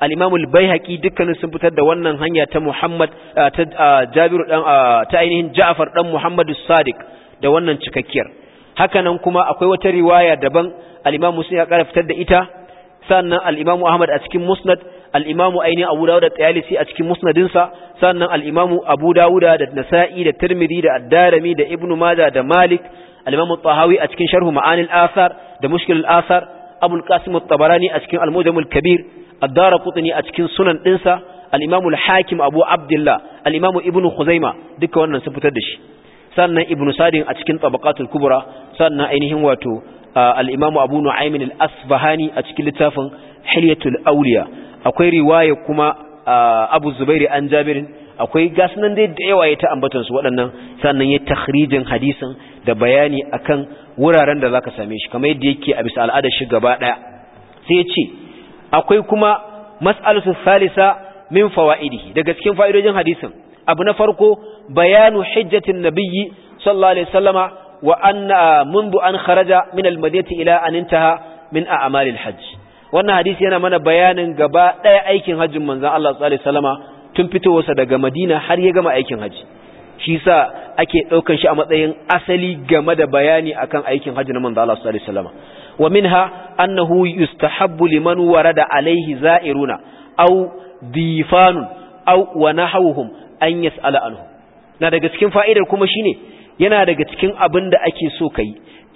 S1: al al-baihaqi dukkanin sun fitar da wannan hanya ta muhammad ta jabiru dan ta ainihin ja'far dan muhammadu sadiq da wannan cikakkiyar hakanan kuma akwai wata riwaya daban al-Imam ya ƙara fitar da ita sannan al Ahmad a cikin Musnad al Aini Abu Dawud da a cikin musnadinsa sannan alimamu Abu Dawud da Nasa'i da Tirmidhi da Addarami da Ibn Majah da Malik al-Imam Tahawi a cikin sharhu Ma'ani Asar da Mushkil Asar athar qasim at-Tabarani a cikin al kabir Ad-Darqutni a cikin Sunan dinsa al-Imam al-Hakim Abu Abdullah al imamu ibnu Khuzaimah duka wannan sun fitar da shi sannan ibnu sadin a cikin tabaqatul kubra sannan ainihin wato al-imam abu nu'aym al-asbahani a cikin littafin hilyatul awliya akwai riwaya kuma abu zubairi an jabirin akwai gasnan dai da yawa ya ta ambaton su waɗannan sannan ya takhrijin hadisin da bayani akan wuraren da zaka same shi kamar yadda yake a bisa al'ada shi gaba daya sai ya ce akwai kuma mas'alatu salisa min fawaidihi daga cikin fa'idojin hadisin abu na farko bayanu hijjatin nabiyyi sallallahu alaihi wasallama wa anna mundu an kharaja min almadinati ila an intaha min a'mal alhajj wannan hadisi yana mana bayanin gaba daya aikin hajjin manzon Allah sallallahu alaihi wasallama tun fitowarsa daga Madina har ya gama aikin hajji shi sa ake daukan shi a matsayin asali game da bayani akan aikin hajji na manzon Allah sallallahu alaihi wasallama wa minha annahu yustahabbu liman warada alaihi za'iruna aw difanun aw wa nahawhum an yas'ala anhu na daga cikin fa'idar kuma shine yana daga cikin abin da ake so kai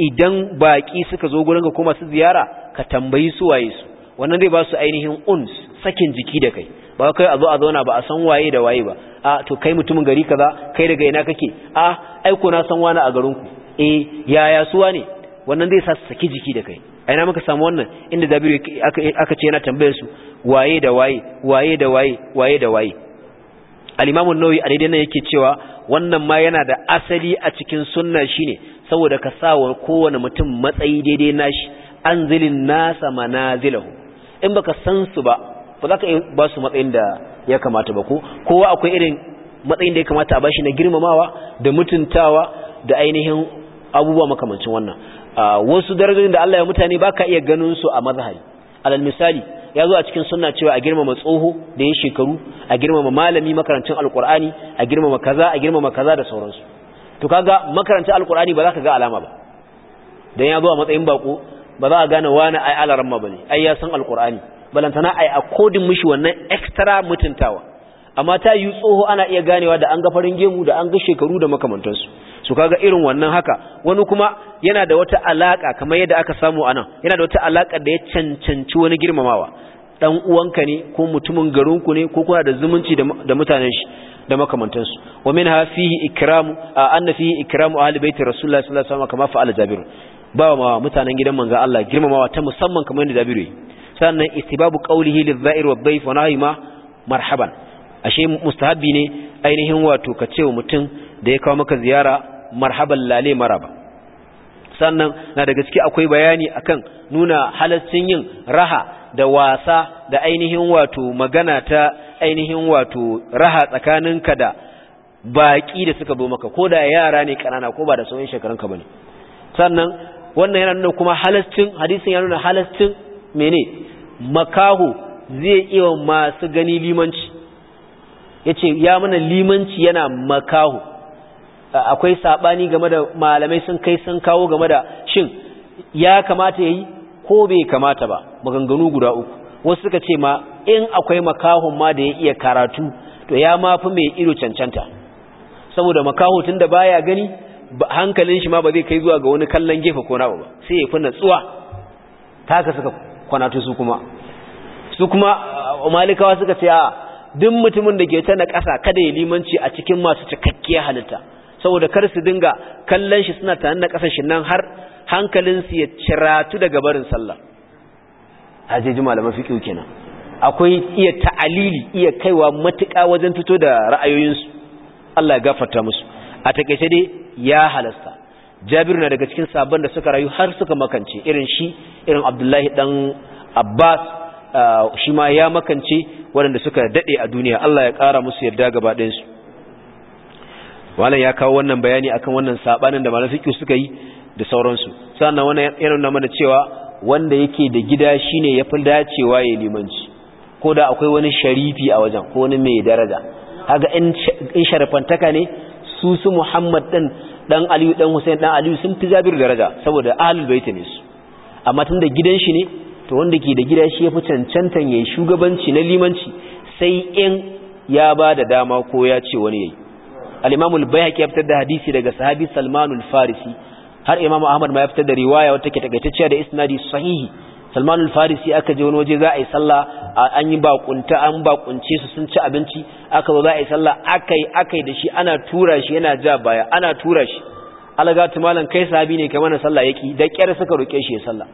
S1: idan baki suka zo gurin ka kuma su ziyara ka tambayi su waye su wannan zai ba su ainihin uns sakin jiki da kai ba kai a zo a zauna ba a san waye da waye ba a to kai mutumin gari kaza kai daga ina kake a ai ko na san wani a garin ku eh yaya suwa ne wannan zai sa su saki jiki da kai a ina muka samu wannan inda zabiru aka ce yana tambayar su waye da waye waye da waye waye da waye al-imamun nawawi a daidai nan yake cewa wannan ma yana da asali a cikin sunna shine saboda ka sawa kowane mutum matsayi daidai nashi anzilin nasa manazilahu in baka san su ba ba za ka ba su matsayin da ya kamata ba ko kowa akwai irin matsayin da ya kamata a shi na girmamawa da mutuntawa da ainihin abubuwa makamancin wannan ah, wasu darajojin da Allah ya mutane baka iya ganin su a mazahari alal misali ya zo a cikin sunna cewa a girmama tsoho da ya shekaru a girmama malami makarancin alkur'ani a girmama kaza a girmama kaza da sauransu to kaga makarancin alkur'ani ba za ka ga alama ba dan ya zo a matsayin bako ba za a gane wani ai alaran ma ne. ai ya san alkur'ani balantana ai kodin mishi wannan extra mutuntawa amma ta yi tsoho ana iya ganewa da an ga farin gemu da an ga shekaru da makamantansu su kaga irin wannan haka wani kuma yana da wata alaka kamar yadda aka samu anan yana da wata alaka da ya cancanci wani girmamawa dan uwanka ne ko mutumin garinku ne ko kuna da zumunci da mutanen shi da makamantansu wa minha fihi ikramu anna fihi ikramu ahli baiti rasulullahi sallallahu alaihi wasallam kama fa'ala jabir ba ma mutanen gidan manzo Allah girmamawa ta musamman kamar yadda jabir yi sannan istibabu qawlihi lidh-dha'ir wa dhayf wa nahima marhaban ashe mustahabi ne ainihin wato ka ce wa mutum da ya kawo maka ziyara marhaban lale maraba sannan na daga ciki akwai bayani akan nuna halaccin yin raha da wasa da ainihin wato magana ta ainihin wato raha tsakanin ka da baki da suka zo maka ko da yara ne kanana ko ba da sauran shekarunka bane sannan wannan yana nuna kuma halaccin hadisin ya nuna halaccin mene makahu zai iya masu gani limanci Ya ce ya mana limanci yana makahu akwai sabani game da malamai sun kai sun kawo game da shin ya kamata ya yi ko bai kamata ba maganganu guda uku wasu suka ce ma in akwai makahon ma da ya iya karatu to ya ma fi mai ido cancanta saboda makaho tunda baya gani hankalin shi ma ba zai kai zuwa ga wani kallon gefe ko nawa ba sai ya fi natsuwa ta haka suka kwanatu su kuma su kuma uh, malikawa suka ce a duk mutumin da ke ta na ƙasa kada ya limanci a cikin masu cikakke halitta saboda kar su dinga kallon shi suna tare na ƙasar shi nan har hankalinsu ya ciratu daga barin sallah hajeji malaman kyau kenan akwai iya ta'alili iya kaiwa matuƙa wajen fito da ra'ayoyinsu Allah ya gafarta musu a takaice dai ya halasta Jabiru na daga cikin sabon da suka rayu har suka makance irin shi irin Abdullahi dan Abbas ah, shi ma ya makance waɗanda suka daɗe a duniya Allah ya ƙara musu yarda gaba ɗayansu malam ya kawo wannan bayani akan wannan saɓanin da malam suka yi da sauransu sannan wani yana nuna mana cewa wanda yake da gida shine fi dacewa ya limanci ko da akwai wani sharifi a wajen ko wani mai daraja Haga in sharafantaka ne su su Muhammad ɗan Ɗan Aliyu ɗan Husain ɗan Aliyu sun fi zabir daraja saboda ahlul bait ne su amma tun da gidan shi ne to wanda ke da gida shi ya fi cancantan ya yi shugabanci na limanci sai in ya ba da dama ko ya ce wani ya yi al'imamul bayhaq ya fitar da hadisi daga sahabi salmanul farisi har imamu ahmad ma ya fitar da riwaya wata ke takaitacciya da isnadi sahihi salmanul farisi aka je wani waje za a yi sallah an yi bakunta an bakunce su sun ci abinci aka zo za a yi sallah akai akai da shi ana tura shi yana ja baya ana tura shi alagatu malam kai sahabi ne kai mana sallah yake da kyar suka roke shi ya sallah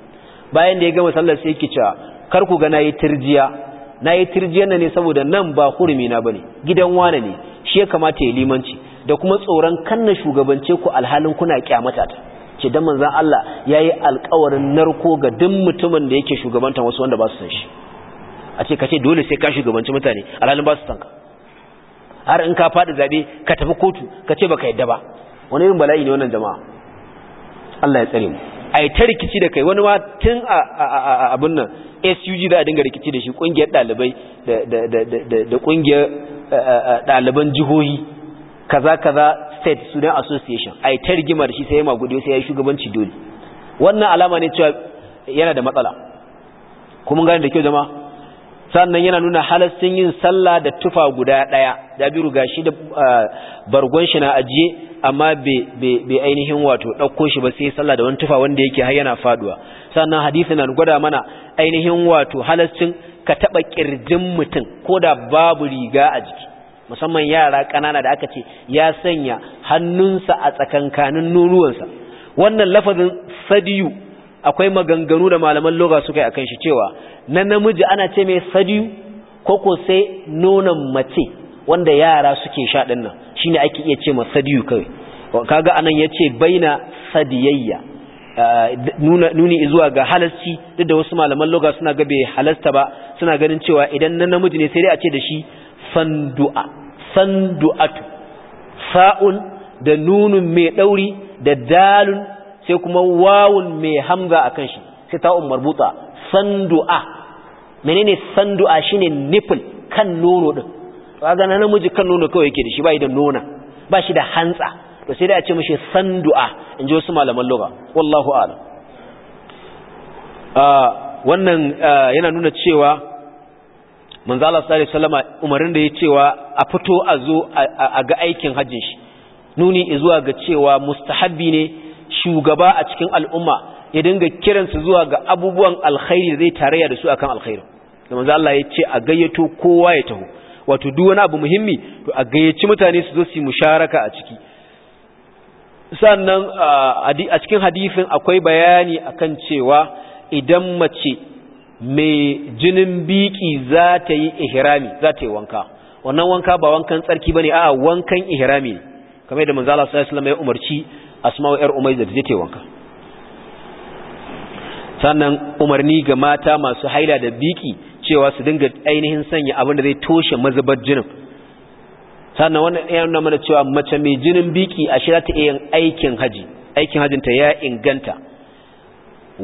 S1: bayan da ya gama sallar sai ki cewa kar ku ga nayi tirjiya nayi tirjiyan ne saboda nan ba hurumi na bane gidan wane ne shi ya kamata ya limanci da kuma tsoron kanna shugabance ku alhalin kuna kyamata ta ce dan manzon Allah yayi alƙawarin narko ga duk mutumin da yake shugabantan wasu wanda ba su san shi a ce kace dole sai ka shugabanci mutane alhalin ba su san ka har in ka faɗi zabe ka tafi kotu kace baka yadda ba wani irin bala'i ne wannan jama'a Allah ya tsare mu a yi ta rikici da kai wani ma tun a abin nan sug da a dinga rikici da shi ƙungiyar ɗalibai da kungiyar ɗaliban jihohi kaza kaza state student association a yi ta rigima da shi sai ya magudu sai ya yi shugabanci dole wannan alama ne cewa yana da matsala kuma gani da kyau zama sannan yana nuna halastin yin sallah da tufa guda ɗaya jabiru gashi da bargon shi na ajiye amma bai ainihin wato ɗauko shi ba sai sallah da wani tufa wanda yake har yana faduwa sannan hadisi na gwada mana ainihin wato halascin ka taɓa ƙirjin mutum ko da babu riga a jiki musamman yara ƙanana da aka ce ya sanya hannunsa a tsakankanin nuruwansa wannan lafazin sadiyu akwai maganganu da malaman loga suka yi akan shi cewa na namiji ana ce mai sadiyu ko ko sai nonon mace wanda yara suke sha din nan shine ake iya ce sadiyu kai kaga anan yace baina sadiyayya eh, nuna nuni zuwa ga halasci duk da wasu malaman loga suna ga bai halasta ba suna ganin cewa idan na namiji ne sai dai a ce da shi sandu'a sandu'atu sa'un da nunun mai dauri da dalun sai kuma wawun mai hamza akan shi sai ta'un marbuta sandu'a menene sandu'a shine nipple kan nono din kaga na namiji kan nono kawai yake da shi bai da nona ba shi da hantsa to sai da a ce mishi sandu'a ji wasu malaman lugha wallahu a'lam ah, wannan ah, yana nuna cewa manzo Allah sallallahu alaihi umarin da ya cewa a fito a zo a ga aikin hajjin shi nuni zuwa ga cewa mustahabbi ne shugaba a cikin al'umma ya dinga kiransu zuwa ga abubuwan alkhairi da zai tarayya da su akan alkhairi da manzo ya ce a gayyato kowa ya taho wato duk wani abu muhimmi to a gayyaci mutane su zo su musharaka a ciki sannan a cikin hadisin akwai bayani akan cewa idan mace mai jinin biki za ta yi ihrami za ta yi wanka wannan wanka ba wankan tsarki bane a wankan ihrami ne kamar da manzo Allah sallallahu alaihi wasallam ya umarci Asma'u yar Umayza ta je ta yi wanka sannan umarni ga mata masu haila da biki cewa su dinga ainihin sanya abin da zai toshe mazubar jinin sannan wannan ya nuna mana cewa mace mai jinin biki a shirya ta iya aikin haji aikin hajinta ya inganta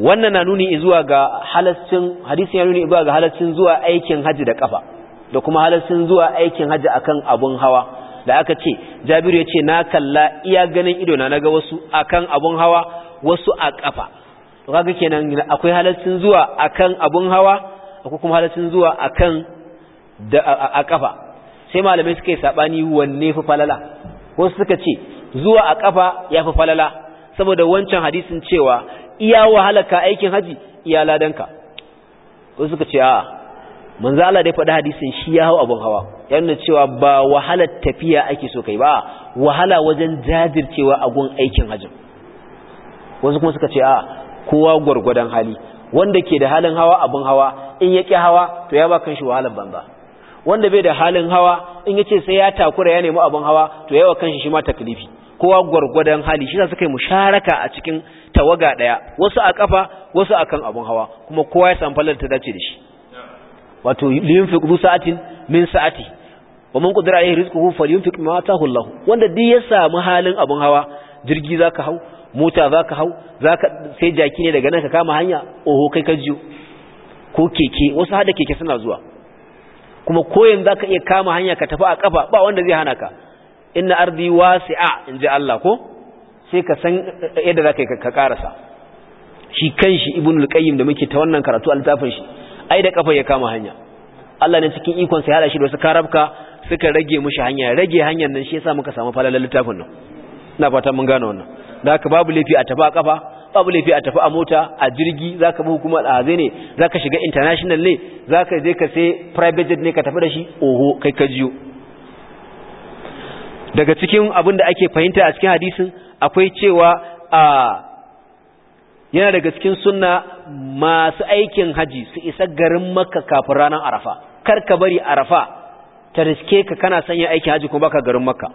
S1: wannan na nuni zuwa ga halaccin hadisin ya nuni zuwa ga halaccin zuwa aikin haji da kafa da kuma halaccin zuwa aikin haji akan abun hawa da aka ce jabiru ya ce na kalla iya ganin ido na naga wasu akan abun hawa wasu a kafa to kaga kenan akwai halaccin zuwa akan abun hawa akwai kuma halacin zuwa akan da a kafa sai malamai suka yi sabani wanne fi falala wasu suka ce zuwa a kafa ya falala saboda wancan hadisin cewa iya wahalaka aikin haji iya ladanka wasu suka ce a manzo Allah dai faɗi hadisin shi ya hau abun hawa ya cewa ba wahalar tafiya ake so kai ba wahala wajen jajircewa a gun aikin hajji wasu kuma suka ce a kowa gwargwadon hali wanda ke da halin hawa abin hawa in ya ƙi hawa to ya ba kanshi wahalar banza wanda bai da halin hawa in ya ce sai ya takura ya nemi abin hawa to ya wa kanshi shi ma taklifi kowa gwargwadon hali shi suka mu musharaka a cikin tawaga ɗaya wasu a kafa wasu akan abin hawa kuma kowa ya samu fallar ta dace da shi wato linfiq zu sa'atin min sa'ati wa man qadara alayhi rizquhu falyunfiq mimma ataahu Allah wanda duk ya samu halin abin hawa jirgi zaka hau mota za ka hau sai jaki ne daga nan ka kama hanya oho kai ka ko keke wasu hada keke suna zuwa kuma koyin za ka iya kama hanya ka tafi a kafa ba wanda zai hana ka inna ardi a in ji Allah ko sai ka san eh, yadda za ka yi ka karasa shi kanshi ibn al da muke ta wannan karatu a littafin shi ai da kafa ya kama hanya Allah ne cikin ikon sai ya hada shi da wasu karabka suka rage mushi hanya rage hanyar nan shi yasa muka samu falalar littafin nan ina fata mun gane wannan Zaka babu laifi a tafi a kafa babu laifi a tafi a mota a jirgi zaka bi a haze ne zaka shiga international ne zaka je ka sai private jet ne ka tafi da shi oho kai ka jiyo daga cikin abin da ake fahimta a cikin hadisin akwai cewa a yana daga cikin sunna masu aikin haji su isa garin makka kafin ranar arafa kar ka bari arafa ta riske ka kana sanya aikin haji kuma baka garin makka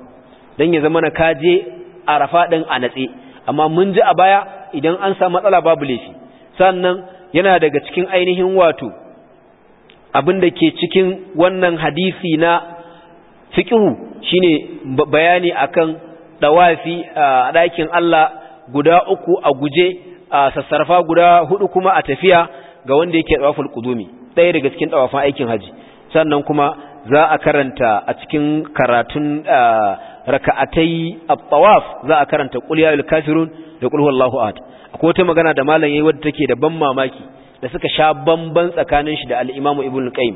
S1: don ya zama na kaje arafa din a natse amma mun ji a baya idan an sa matsala babu laifi sannan yana daga cikin ainihin wato abin da ke cikin wannan hadisi na fiqhu shine bayani akan dawafi a ɗakin Allah guda uku a guje a sassarfa guda hudu kuma a tafiya ga wanda yake dawaful qudumi ɗaya daga cikin dawafan aikin haji sannan kuma za a karanta a cikin karatun raka'atai at-tawaf za a karanta qul ya kafirun da qul huwallahu ahad akwai wata magana da malam yayi wadda take da ban mamaki da suka sha bamban tsakanin shi da al-Imam Ibn Qayyim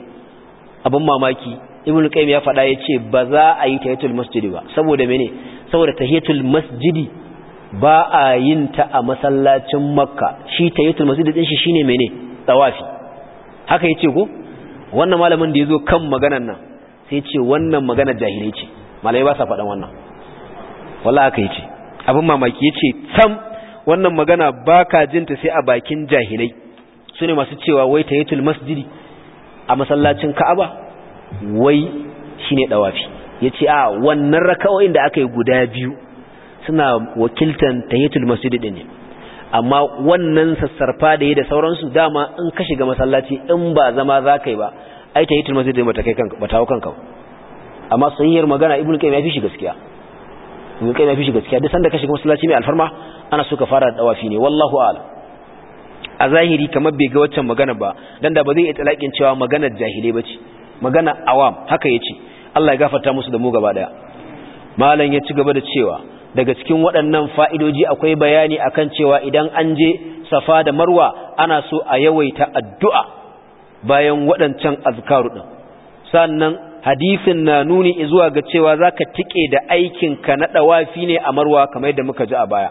S1: abin mamaki Ibn Qayyim ya faɗa yace ba za a yi tahiyatul masjidi ba saboda mene saboda tahiyatul masjidi ba a yin ta a masallacin Makka shi tahiyatul masjidi din shi shine mene tawafi haka yace ko wannan malamin da yazo kan maganar nan sai ce wannan magana jahilai ce malai ba sa faɗan wannan wala aka yi ce abin mamaki ce tam wannan magana baka jinta sai a bakin jahilai su ne masu cewa wai tayatul masjidi a masallacin Ka'aba wai shine Ya ce a wannan raka'o'in da aka yi guda biyu suna wakiltan tayatul masjidi ɗin ne amma wannan sassarfa da yi da sauransu dama in ka shiga masallaci in ba zama za ka yi ba ai ta hitin masjid ba ta kai kanka ba ta hau kanka amma sahihiyar magana ibnu qayyim ya fi shi gaskiya ibnu qayyim ya fi shi gaskiya duk sanda ka shiga masallaci mai alfarma ana so ka fara da dawafi ne wallahu a'lam a zahiri kamar bai ga waccan magana ba dan da ba zai itlaqin cewa magana jahilai bace magana awam haka yace Allah ya gafarta musu da mu gaba daya malam ya ci gaba da cewa daga cikin waɗannan fa'idoji akwai bayani akan cewa idan an je safa da marwa ana so a yawaita addu'a bayan waɗancan azkaru din sannan hadisin na nuni zuwa ga cewa zaka tike da aikinka na dawafi ne a marwa kamar yadda muka ji a baya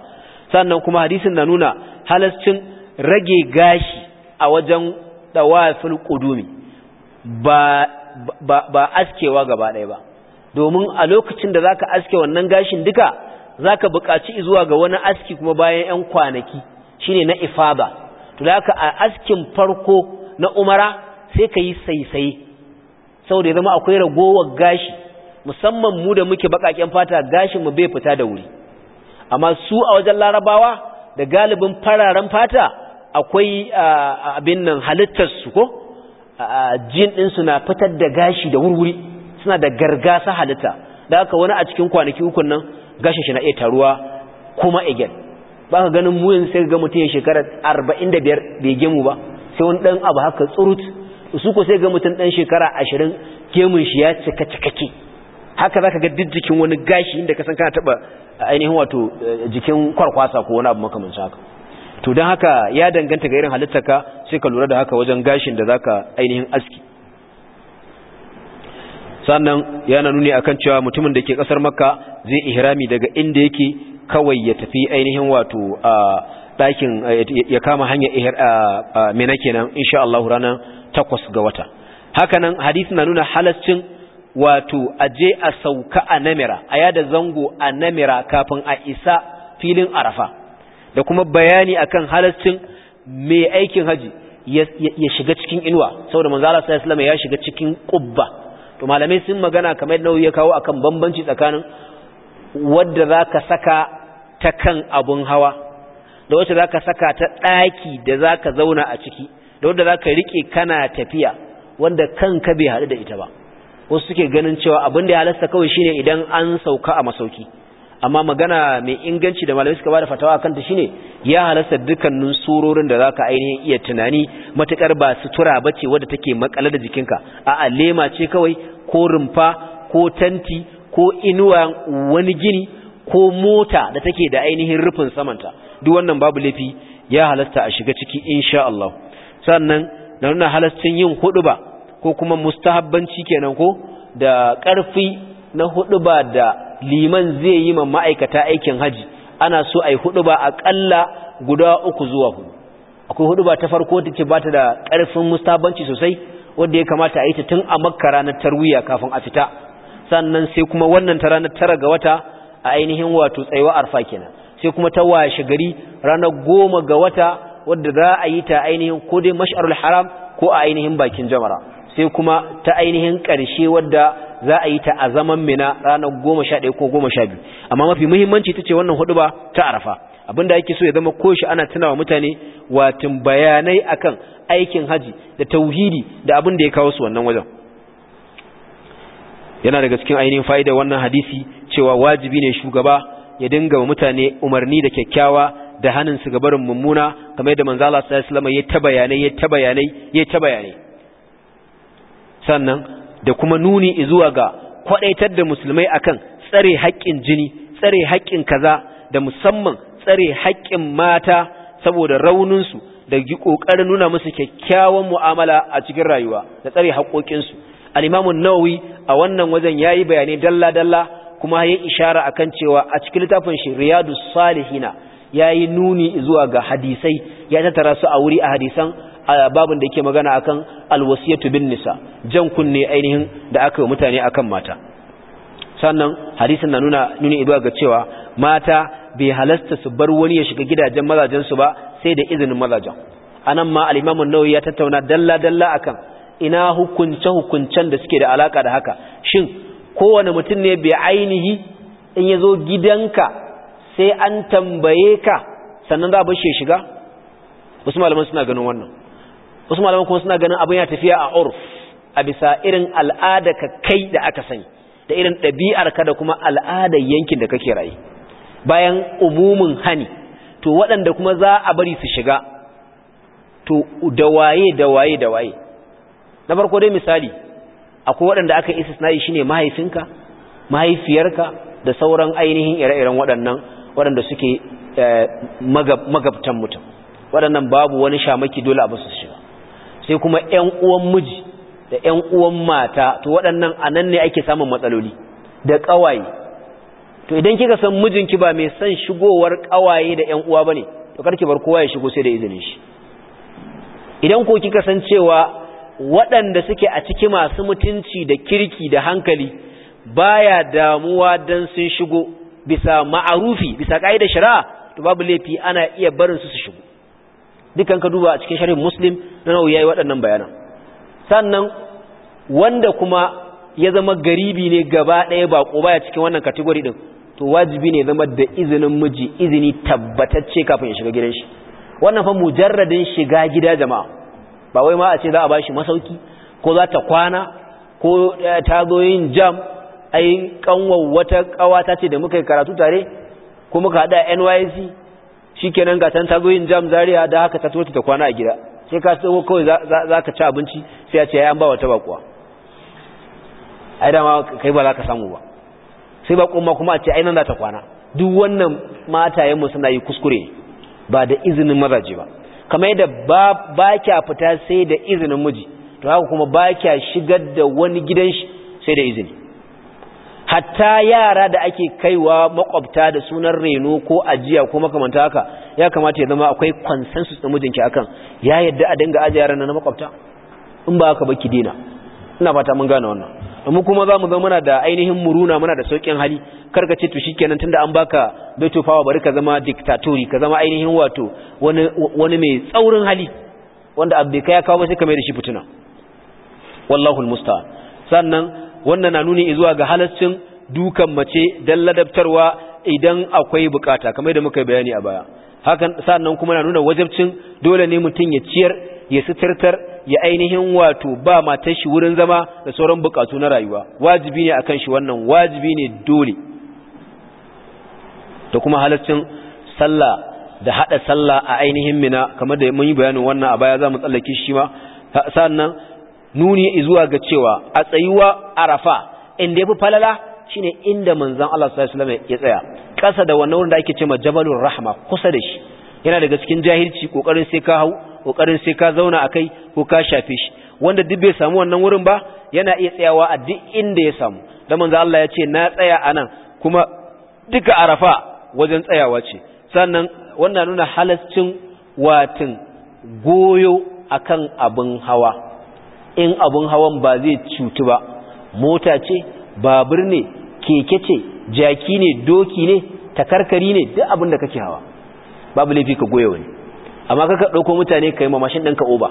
S1: sannan kuma hadisin na nuna halascin rage gashi a wajen dawafin Kudumi ba askewa gaba ɗaya ba domin a lokacin da zaka aske wannan gashin duka zaka buƙaci zuwa ga wani aski kuma bayan 'yan kwanaki shine na ifada to da aka a askin farko na umara sai ka yi saisaye saboda ya zama akwai ragowar gashi musamman mu da muke bakaken fata gashin mu bai fita da wuri amma su a wajen larabawa da galibin fararen fata akwai abin nan halittar su ko jin din su na fitar da gashi da wurwuri suna da gargasa halitta da haka wani a cikin kwanaki uku nan gashin shi na iya taruwa kuma igel ba ka ganin muyin sai ga mutum ya shekara 45 bai gemu ba sai wani dan abu haka tsurut su ko sai ga mutum ɗan shekara ashirin gemun shi ya cika cikake haka zaka ga duk jikin wani gashi inda ka san kana taba eh, ainihin wato eh, jikin kwarkwasa ko wani abu makamancin haka to don haka ya danganta ga irin halittarka sai ka lura da haka wajen gashin da za ka ainihin aski sannan yana nuni akan cewa mutumin da ke kasar makka zai ihrami daga inda yake kawai ya tafi ainihin wato a ah, ɗakin eh, ya kama hanyar ah, ah, mina kenan insha Allah ranar takwas ga wata hakanan hadisi na nuna halascin wato aje a sauka a namira a yada zango a namira kafin a isa filin arafa da kuma bayani akan halascin mai aikin haji ya shiga cikin inuwa saboda manzala sallallahu alaihi ya shiga cikin kubba to malamai sun magana kamar yadda ya kawo akan bambanci tsakanin wadda zaka saka ta kan abun hawa da wacce zaka saka ta daki da zaka zauna a ciki da wanda za ka riƙe kana tafiya wanda kan ka bai haɗu da ita ba wasu suke ganin cewa abin da ya halasta kawai shine idan an sauka a masauki amma magana mai inganci da malamai suka ba da fatawa kanta shine ya halasta dukkanin surorin da za ka ainihin iya tunani matuƙar ba sutura ce wadda take makale da jikinka a'a lema ce kawai ko rumfa ko tanti ko inuwa wani gini ko mota da take da ainihin rufin samanta duk wannan babu laifi ya halasta a shiga ciki insha Allah sannan da nuna halascin yin huduba ko kuma mustahabbanci kenan ko da ƙarfi na huduba da liman zai yi ma ma'aikata aikin haji ana so a yi huduba aƙalla guda uku zuwa hudu akwai huduba ta farko ta ce ba ta da ƙarfin mustahabbanci sosai wanda ya kamata a yi ta tun a makka ranar tarwiya kafin a fita sannan sai kuma wannan ta ranar tara ga wata a ainihin wato tsayuwa arfa kenan sai kuma ta washe gari ranar goma ga wata wadda za a yi ta ainihin ko dai mash'arul haram ko a ainihin bakin jamara sai kuma ta ainihin ƙarshe wadda za a yi ta a zaman mina ranar goma sha ɗaya ko goma sha biyu amma mafi muhimmanci ta ce wannan hudu ba ta arafa Abin da ake so ya zama koshi ana tunawa mutane watin bayanai akan aikin haji da tauhidi da abin da ya kawo su wannan wajen yana daga cikin ainihin fa'ida wannan hadisi cewa wajibi ne shugaba ya dinga wa mutane umarni da kyakkyawa da hannun su gabarin mummuna kamar yadda manzo Allah sallallahu ya ta bayanai ya ta bayanai ya ta bayanai sannan da kuma nuni zuwa ga kwadaitar da musulmai akan tsare haƙƙin jini tsare haƙƙin kaza da musamman tsare haƙƙin mata saboda rauninsu su da ƙoƙarin nuna musu kyakkyawan mu'amala a cikin rayuwa da tsare haƙoƙinsu al-imamu nawawi a wannan wajen yayi bayanai dalla dalla kuma ya ishara akan cewa a cikin littafin shi riyadus salihina ya yi nuni zuwa ga hadisai ya tattara su a wuri a hadisan babin da ke magana akan alwasiyatu bin nisa jan kunne ainihin da aka yi mutane akan mata sannan hadisin na nuna nuni zuwa ga cewa mata bai halasta su bar wani ya shiga gidajen mazajensu ba sai da izinin mazajen anan ma alimamun nau'i ya tattauna dalla dalla akan ina hukunce hukuncen da suke da alaka da haka shin kowane mutum ne bai ainihi in ya zo gidanka sai an tambaye ka sannan za a bar shiga wasu malaman suna ganin wannan wasu malaman kuma suna ganin abin ya tafiya a urf a bisa irin al'ada ka kai da aka sani da irin ɗabi'ar ka da kuma al'adar yankin da kake rayu bayan umumin hani to waɗanda kuma za a bari su shiga to da waye da waye da waye na farko dai misali akwai waɗanda aka istisna'i shine mahaifinka mahaifiyarka da sauran ainihin ire-iren waɗannan waɗanda suke eh, magabtan mutum waɗannan babu wani shamaki dole a basu shiga sai kuma ‘yan uwan miji da ‘yan uwan mata to waɗannan a nan ne ake samun matsaloli da ƙawaye to idan kika san mijinki ba mai son shigowar ƙawaye da ‘yan uwa ba ne to karki bar kowa ya shigo sai da izinin shi idan ko kika san cewa waɗanda suke a ciki masu mutunci da kirki da hankali baya damuwa don sun shigo bisa ma'arufi bisa ka'idar shari'a to babu laifi ana iya barin su su shigo dukan ka duba a cikin sharhin muslim na nau'i yayi waɗannan bayanan sannan wanda kuma ya zama garibi ne gaba ɗaya bako baya cikin wannan category din to wajibi ne zama da izinin miji izini tabbatacce kafin ya shiga gidan shi wannan fa mujarradin shiga gida jama'a ba wai ma a ce za a bashi masauki ko za ta kwana ko eh, ta zo yin jam ayin kanwar wata kawata ce da muka yi karatu tare ko muka hada NYC shi ga tan tazo jam zariya da haka ta tota ta kwana a gida sai ka tsawo kawai za ka ci abinci sai a ce ya an ba wata bakuwa ai dama kai ba za ka samu ba sai ba kuma kuma a ce ai nan za ta kwana duk wannan matayenmu suna yi kuskure ba da izinin mazaje ba kamar yadda ba kya fita sai da izinin miji to haka kuma ba kya shigar da wani gidan shi sai da izini hatta yara da ake kaiwa makwabta da sunan reno ko ajiya ko makamanta haka ya kamata ya zama akwai consensus na mijinki akan ya yadda a dinga ajiya yaran na makwabta in ba haka ba ki dena ina fata mun gane wannan mu kuma zamu mu zama muna da ainihin muruna muna da saukin hali kar ka ce to shikenan tunda an baka beto fawa bari ka zama diktatori ka zama ainihin wato wani wani mai tsaurin hali wanda abbe kai ya kawo sai ka mai da shi fituna wallahu almusta'an sannan wannan na nuni zuwa ga halaccin dukan mace dan ladabtarwa idan akwai bukata kamar da muka bayani a baya hakan sannan kuma na nuna wajabcin dole ne mutum ya ciyar ya sitartar ya ainihin wato ba matar shi wurin zama da sauran bukatu na rayuwa wajibi ne akan shi wannan wajibi ne dole da kuma halaccin sallah da hada sallah a ainihin mina kamar da mun yi bayanin wannan a baya za mu tsallake shi ma sannan nuni zuwa ga cewa a tsayuwa arafa inda ya fi falala shine inda manzan Allah sallallahu ya tsaya ƙasa da wannan wurin da ake ma jabalur rahma kusa da shi yana daga cikin jahilci ƙoƙarin sai ka hau ƙoƙarin sai ka zauna a kai ko ka shafe shi wanda duk bai samu wannan wurin ba yana iya tsayawa a duk inda ya samu da manzan Allah ya ce na tsaya a nan kuma duka arafa wajen tsayawa ce sannan wannan nuna halascin watin goyo akan abin hawa in abun hawan ba zai cutu ba mota ce babur ne keke ce jaki ne doki ne takarkari ne duk abin da kake hawa babu laifi ka goye wani amma kaka ɗauko mutane ka yi ma mashin ɗinka oba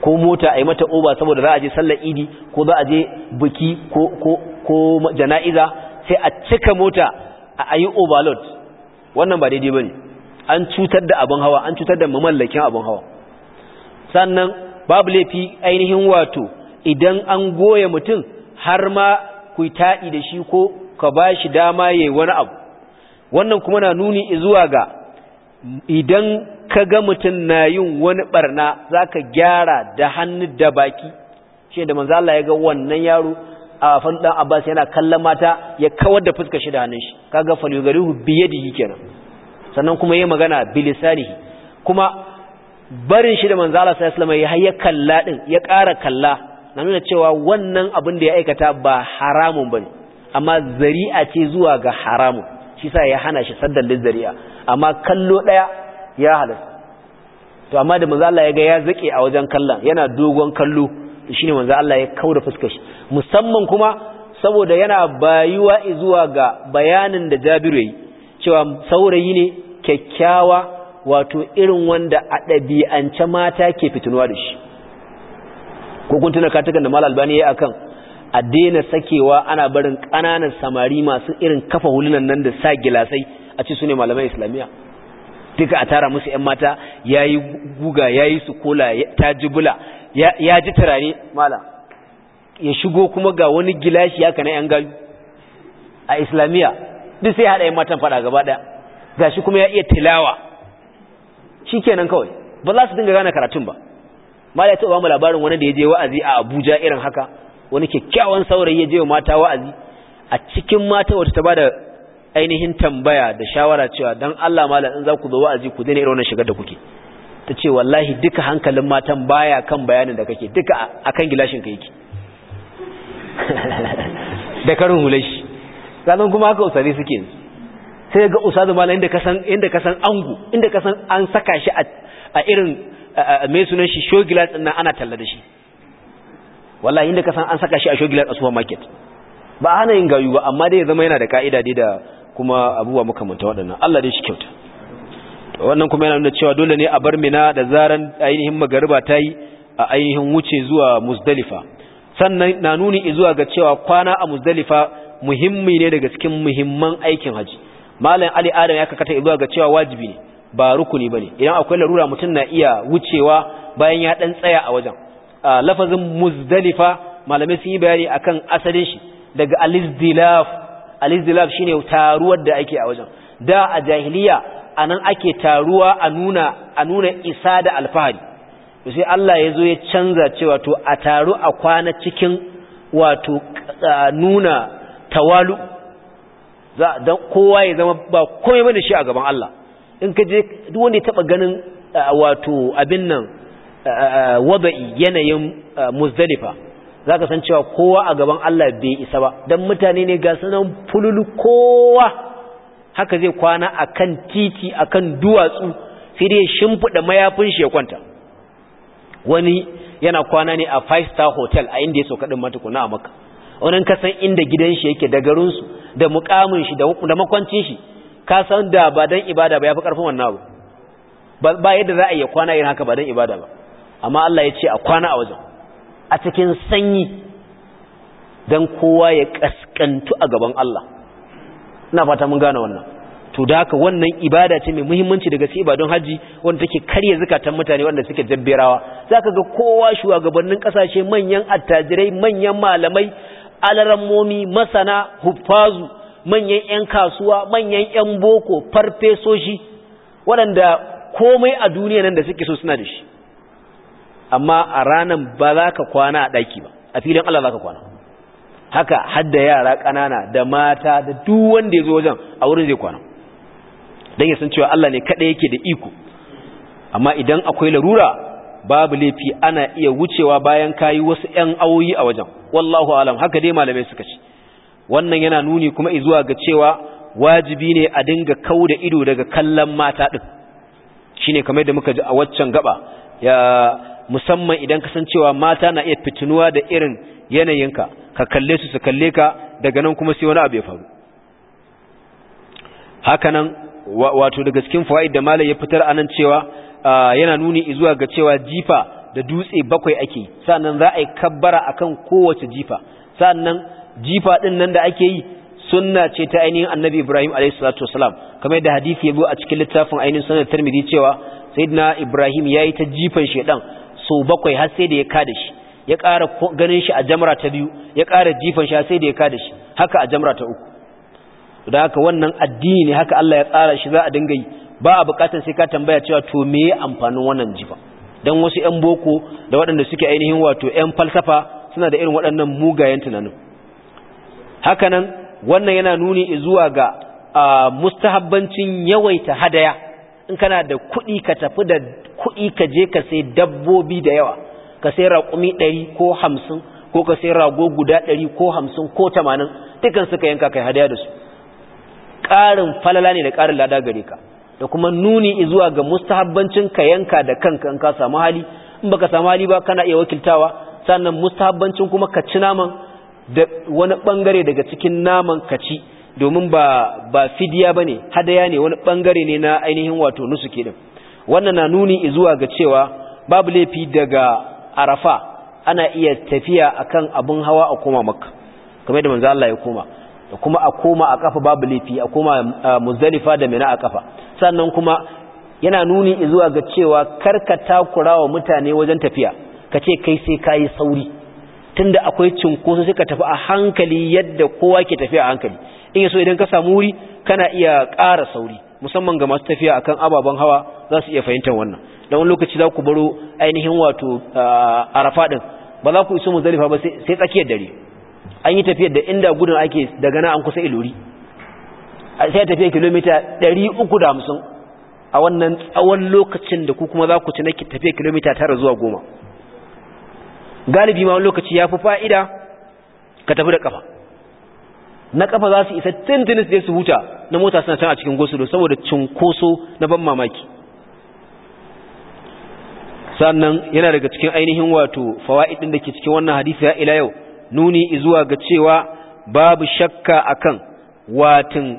S1: ko mota a yi mata oba saboda za a je sallar idi ko za a je buki ko, jana'iza sai a cika mota a yi overload wannan ba daidai ba ne an cutar da abin hawa an cutar da mamallakin abin hawa sannan babu laifi ainihin wato idan an goye mutum har ma ku taɗi da shi ko ka ba shi dama ya yi wani abu wannan kuma na nuni zuwa ga idan ka ga mutum na yin wani ɓarna za ka gyara da hannu da baki shi da manzala ya ga wannan yaro a fanɗan abbas yana kallon mata ya kawar da fuska shi da hannun shi kaga falyogarihu biye da kenan sannan kuma ya magana bilisanihi kuma barin shi da manzo Allah sallallahu alaihi wasallam ya kalla din ya ƙara kalla na nuna cewa wannan abin da ya aikata ba haramun bane amma zari'a ce zuwa ga haramun shi sa ya hana shi saddan zari'a amma kallo daya ya halasta to amma da manzo Allah ya ga ya zake a wajen kallon yana dogon kallo shine manzo Allah ya kaura fuskar shi musamman kuma saboda yana bayuwa zuwa ga bayanin da Jabiru yi cewa saurayi ne kyakkyawa wato irin wanda a ɗabi'ance mata ke fitinuwa da shi kukun tuna katakan da mal albani ya akan a daina sakewa ana barin ƙananan samari masu irin kafa hulunan nan da sa gilasai a ci su ne malaman islamiyya duka a tara musu 'yan mata ya yi guga ya yi su kola ta jibula ya ji turare mala ya shigo kuma ga wani gilashi ya kana 'yan gayu a islamiyya duk sai haɗa 'yan matan faɗa gaba ɗaya ga shi kuma ya iya tilawa shi kenan kawai ba za su dinga gane karatun ba mala ya taɓa mu labarin wani da ya je wa'azi a abuja irin haka wani kyakkyawan saurayi ya je wa mata wa'azi a cikin mata wata ta ba da ainihin tambaya da shawara cewa dan Allah malam in za ku zo wa'azi ku daina irin wannan shigar da kuke ta ce wallahi duka hankalin matan baya kan bayanin da kake duka akan gilashin ka yake *laughs* da karin hulashi sanan kuma haka usari suke yanzu sai ga ustazu malam inda kasan inda kasan angu inda kasan an saka shi a irin mai sunan shi shogilat din nan ana talla da shi wallahi inda kasan an saka shi a shogilat a supermarket ba hana yin gayu ba amma dai ya zama yana da ka'ida dai da kuma abubuwa makamanta waɗannan Allah dai shi kyauta wannan kuma yana nuna cewa dole ne a bar mina da zaran ainihin magariba ta yi a ainihin wuce zuwa muzdalifa sannan na nuni zuwa ga cewa kwana a muzdalifa muhimmi ne daga cikin muhimman aikin Hajji. malam ali adam ya kakata zuwa ga cewa wajibi ne ba rukuni ba ne idan akwai larura mutum na iya wucewa bayan ya ɗan tsaya a wajen lafazin muzdalifa malamai sun yi bayani akan asalin shi daga alizdilaf alizdilaf shine taruwar da ake a wajen da a jahiliya anan ake taruwa a nuna a nuna isa da alfahari to sai Allah ya zo ya canza cewa to a taru a kwana cikin wato nuna tawalu za kowa ya zama ba komai bane shi a gaban Allah in ka je duk wanda ya taba ganin wato abin nan wada'i yanayin muzdalifa zaka san cewa kowa a gaban Allah bai isa ba dan mutane ne ga sanan fululu kowa haka zai kwana akan titi akan duwatsu sai dai shimfida mayafin shi ya kwanta wani yana kwana ne a five star hotel a inda ya sauka din matukuna a Makka wannan kasan inda gidan shi yake da garin su da mukamin shi da makwancin shi ka san da ba dan ibada ba yafi karfin wannan abu ba yadda za a yi kwana yin haka ba dan ibada ba amma Allah ya ce a kwana a wajen a cikin sanyi dan kowa ya kaskantu a gaban Allah ina fata mun gane wannan to da haka wannan ibada ce mai muhimmanci daga cikin ibadun haji wanda take karya zakatan mutane wanda suke jabberawa zaka ga kowa shugabannin kasashe manyan attajirai manyan malamai alarammomi masana huffazu manyan 'yan kasuwa manyan 'yan boko farfesoshi waɗanda komai a duniya nan da suke so suna da shi amma a ranar ba za ka kwana a ɗaki ba a filin Allah za ka kwana haka hadda yara ƙanana da mata da duk wanda ya zo wajen a wurin zai kwana don ya san cewa Allah ne kaɗai yake da iko amma idan akwai larura babu laifi ana iya wucewa bayan kayi wasu ƴan awoyi a wajen wallahu alam haka dai malamai suka ce wannan yana nuni kuma izuwa ga cewa wajibi ne a dinga kauda ido daga kallon mata din shine kamar yadda muka ji a waccan gaba ya musamman idan ka san cewa mata na iya fitinuwa da irin yanayinka ka kalle su su kalle ka daga nan kuma sai wani abu ya faru Haka nan, wato daga cikin fawaid da malai ya fitar anan cewa yana nuni zuwa ga cewa jifa da dutse bakwai ake sannan za a yi kabbara kan kowace jifa sannan jifa din nan da ake yi sunna ce ta ainihin annabi ibrahim alaihi salatu kamar yadda hadisi ya bi a cikin littafin ainihin sunan tirmidhi cewa sayyidina ibrahim ya yi ta jifan shaidan so bakwai har sai da ya kada shi ya ƙara ganin shi a jamra ta biyu ya ƙara jifan shi sai da ya kada shi haka a jamra ta uku da haka wannan addini ne haka Allah ya tsara shi za a dinga yi ba a bukatar sai ka tambaya cewa to me amfanin wannan jifa don wasu 'yan boko da waɗanda suke ainihin wato 'yan falsafa suna da irin waɗannan mugayen tunanin hakanan wannan yana nuni zuwa ga mustahabbancin yawaita hadaya in kana da kuɗi ka tafi da kuɗi ka je ka sai dabbobi da yawa ka sai raƙumi ɗari ko hamsin ko ka sai rago guda ɗari ko hamsin ko tamanin dukkan suka yanka kai hadaya da su ƙarin falala ne da ƙarin lada gare ka da kuma nuni zuwa ga mustahabbancin ka yanka da kanka in ka samu hali in baka samu hali ba kana iya wakiltawa sannan mustahabbancin kuma ka ci naman da wani bangare daga cikin naman ka ci domin ba ba fidiya bane hadaya ne wani bangare ne na ainihin wato nusuki din wannan na nuni zuwa ga cewa babu laifi daga arafa ana iya tafiya akan abun hawa a koma makka kamar da manzo Allah ya koma da kuma a koma a kafa babu laifi a koma muzalifa da mina a kafa sannan kuma yana nuni zuwa ga cewa karka wa mutane wajen tafiya ka ce kai sai kayi sauri tunda akwai cinkoso sai ka tafi a hankali yadda kowa ke tafiya a hankali in yaso idan ka samu wuri kana iya ƙara sauri musamman ga masu tafiya akan ababen hawa za su iya fahimtar wannan da wani lokaci za ku baro ainihin wato arafa din ba za ku iso muzalifa ba sai tsakiyar dare an yi tafiyar da inda gudun ake daga na an kusa ilori sai tafiyar kilomita 350 a wannan tsawon lokacin da ku kuma za ku ci na tafiyar kilomita tara zuwa goma galibi ma wani lokaci ya fi fa'ida ka tafi da kafa na kafa za su isa tintinis da su huta na mota suna can a cikin gosulo saboda cinkoso na ban mamaki sannan yana daga cikin ainihin wato fawa'idin da ke cikin wannan hadisi ya ila yau nuni izuwa ga cewa babu shakka akan watin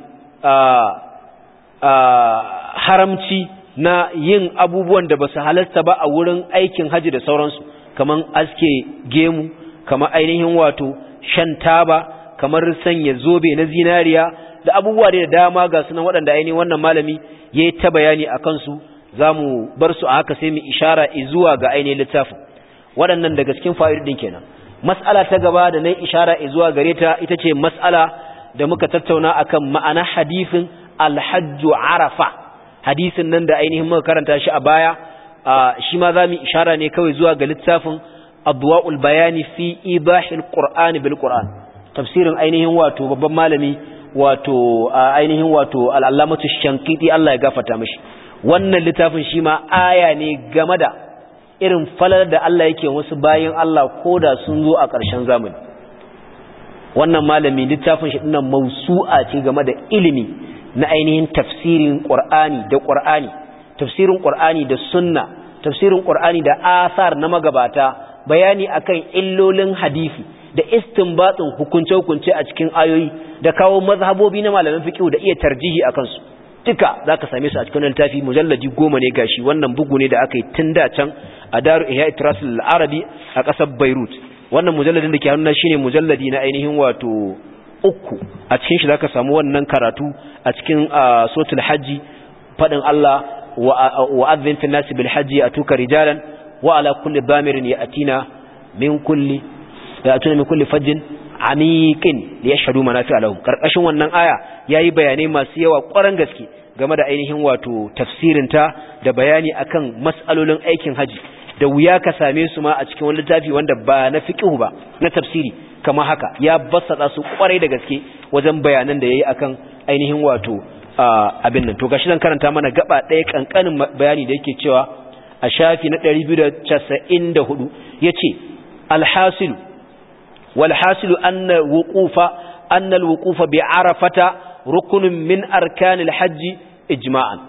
S1: haramci na yin abubuwan da ba su halasta ba a wurin aikin haji da sauransu kamar aske gemu kamar ainihin wato shan taba kamar sanya zobe na zinariya da abubuwa da dama ga sunan waɗanda ainihin wannan malami ya yi ta bayani a kansu za mu bar su a haka sai mu ishara izuwa ga ainihin littafin waɗannan daga cikin fa'idodin kenan mas'ala ta gaba da nan ishara zuwa gare ta ita ce mas'ala da muka tattauna akan ma'ana hadisin alhajju arafa hadisin nan da ainihin muka karanta shi a baya shi ma za mu ishara ne kawai zuwa ga littafin adwa'ul bayani fi ibahil qur'an bil qur'an tafsirin ainihin wato babban malami wato ainihin wato al'allamatu shankiti Allah ya gafarta mishi wannan littafin shi ma aya ne game da irin falar da Allah yake wasu bayan Allah ko da sun zo a ƙarshen zamani wannan malami littafin shi dinnan mausu'a ce game da ilimi na ainihin tafsirin Qur'ani da Qur'ani tafsirin Qur'ani da sunna tafsirin Qur'ani da asar na magabata bayani akan illolin hadisi da istinbatin hukunce-hukunce a cikin ayoyi da kawo mazhabobi na malaman fiqh da iya tarjihi akan su duka za ka same su a cikin littafi mujalladi goma ne shi wannan bugu ne da aka yi tun da can a daru ihya itirasul arabi a ƙasar beirut wannan mujalladin da ke shi ne mujalladi na ainihin wato uku a cikin shi za ka samu wannan karatu a cikin sotul hajji faɗin allah wa advin nasi bil hajji a tuka rijalan wa ala kulli bamirin ya atina min min kulli fajjin amiqin li yashhadu manafi'a alahu ƙarƙashin wannan aya ya yi bayanai masu yawa ƙwaran gaske game da ainihin wato tafsirinta da bayani akan matsalolin aikin haji da wuya ka same su ma a cikin wani littafi wanda ba na fiqhu ba na tafsiri kama haka ya bassada su ƙwarai da gaske wajen bayanan da ya yi akan ainihin wato abin nan to shi zan karanta mana gaba ɗaya ƙanƙanin bayani da yake cewa a shafi na ɗari da casa'in hudu ya ce alhasilu wal hasilu anna wuqufa anna al wuqufa bi arafata rukunun min arkanil hajji ijma'an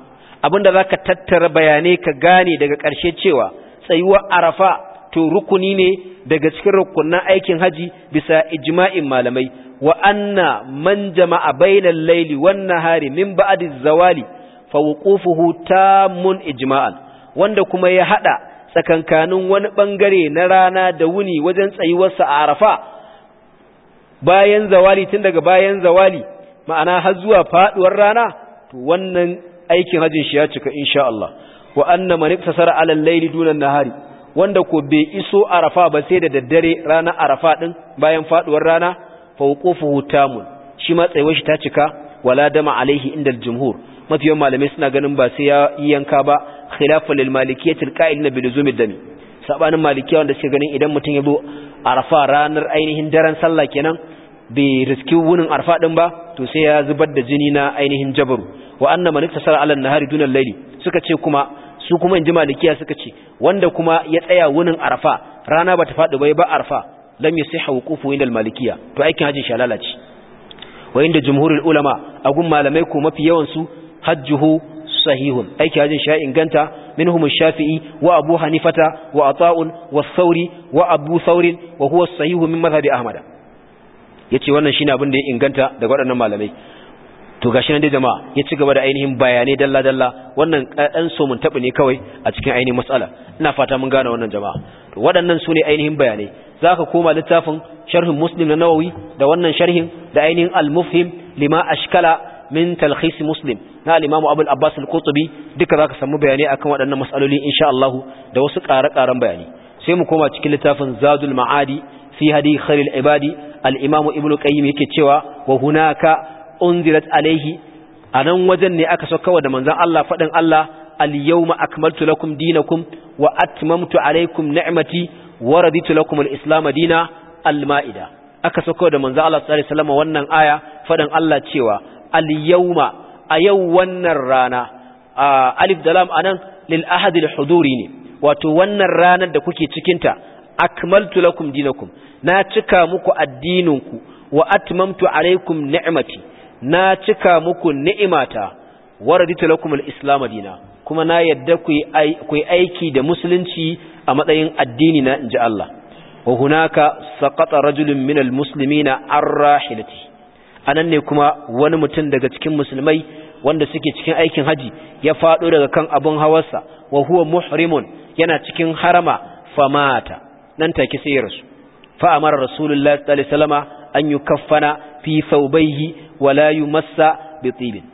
S1: za ka tattara bayanai ka gane daga ƙarshe cewa tsayuwar arafa to rukuni ne daga cikin rukunin aikin haji bisa ijma'in malamai wa anna man jama'a bainal layli wan nahari min ba'di zawali fa wuqufuhu tamun ijma'an wanda kuma ya haɗa. tsakankanin wani bangare na rana da wuni wajen tsayuwarsa a arafa bayan zawali tun daga bayan zawali ma'ana har zuwa faduwar rana to wannan aikin hajjin shi ya cika insha Allah wa anna man iktasara ala al-layli duna nahari wanda ko bai iso arafa ba sai da daddare rana arafa din bayan faduwar rana fa wuqufuhu tamun shi ma tsayuwar shi ta cika wala dama alaihi inda al-jumhur mafiyan malamai suna ganin ba sai ya yanka ba khilafan lil malikiyatil qa'ilina bi luzumid dami sabanin malikiya wanda suke ganin idan mutum ya arfa ranar ainihin daren sallah kenan bai riski wunin arfa din ba to sai ya zubar da jini na ainihin jabaru wa anna niktasara iktasara ala nahari duna al-layli suka ce kuma su kuma inji malikiya suka ce wanda kuma ya tsaya wunin arfa rana bata fadi bai ba arfa lam yasihu wuqufu inda al-malikiya to aikin haji shalalaci lalace wa inda jumhurul ulama agun malamai ko mafi yawan su hajjuhu sahihun aiki hajjin sha inganta minhum shafi'i wa abu hanifata wa ata'un wa sauri wa abu saurin wa huwa sahihu min mazhabi ahmad yace wannan shine abin da ya inganta daga waɗannan malamai to gashi nan dai jama'a ya ci gaba da ainihin bayanai dalla dalla wannan ɗan so mun tabi ne kawai a cikin ainihin matsala ina fata mun gane wannan jama'a to waɗannan su ne ainihin bayanai zaka koma littafin sharhin muslim na nawawi da wannan sharhin da ainihin al-mufhim lima ashkala min talkhis muslim na al-Imam Abu al-Abbas al-Qurtubi duka zaka samu bayanai akan waɗannan mas'aloli insha Allah da wasu ƙare-ƙaren bayani sai mu koma cikin littafin Zadul Ma'adi fi hadi khairil ibadi al-Imam Ibn Qayyim yake cewa wa hunaka alaihi, a anan wajen ne aka sauka da manzan Allah fadin Allah al-yawma akmaltu lakum dinakum wa atmamtu alaykum ni'mati wa raditu lakum al-islam dina al-ma'ida aka sauka da manzan Allah sallallahu alaihi wasallam wannan aya faɗin Allah cewa al-yawma a yau wannan rana alif dalam lam anan lil ahadil huduri ne wato wannan ranar da kuke cikinta akmaltu lakum dinakum na cika muku addininku wa atmamtu alaikum ni'mati na cika muku ni'imata wa lakum islam dina kuma na yadda ku yi aiki da musulunci a matsayin addini na inji Allah wa hunaka saqata rajulun min muslimina ar-rahilati anan ne kuma wani mutum daga cikin musulmai wanda suke cikin aikin haji ya faɗo daga kan abun hawarsa wa huwa muhrimun yana cikin harama famata nan take sai ya rasu fa amara rasulullahi sallallahu alaihi wasallama an yukaffana fi thawbayhi wa la yumassa bi tibin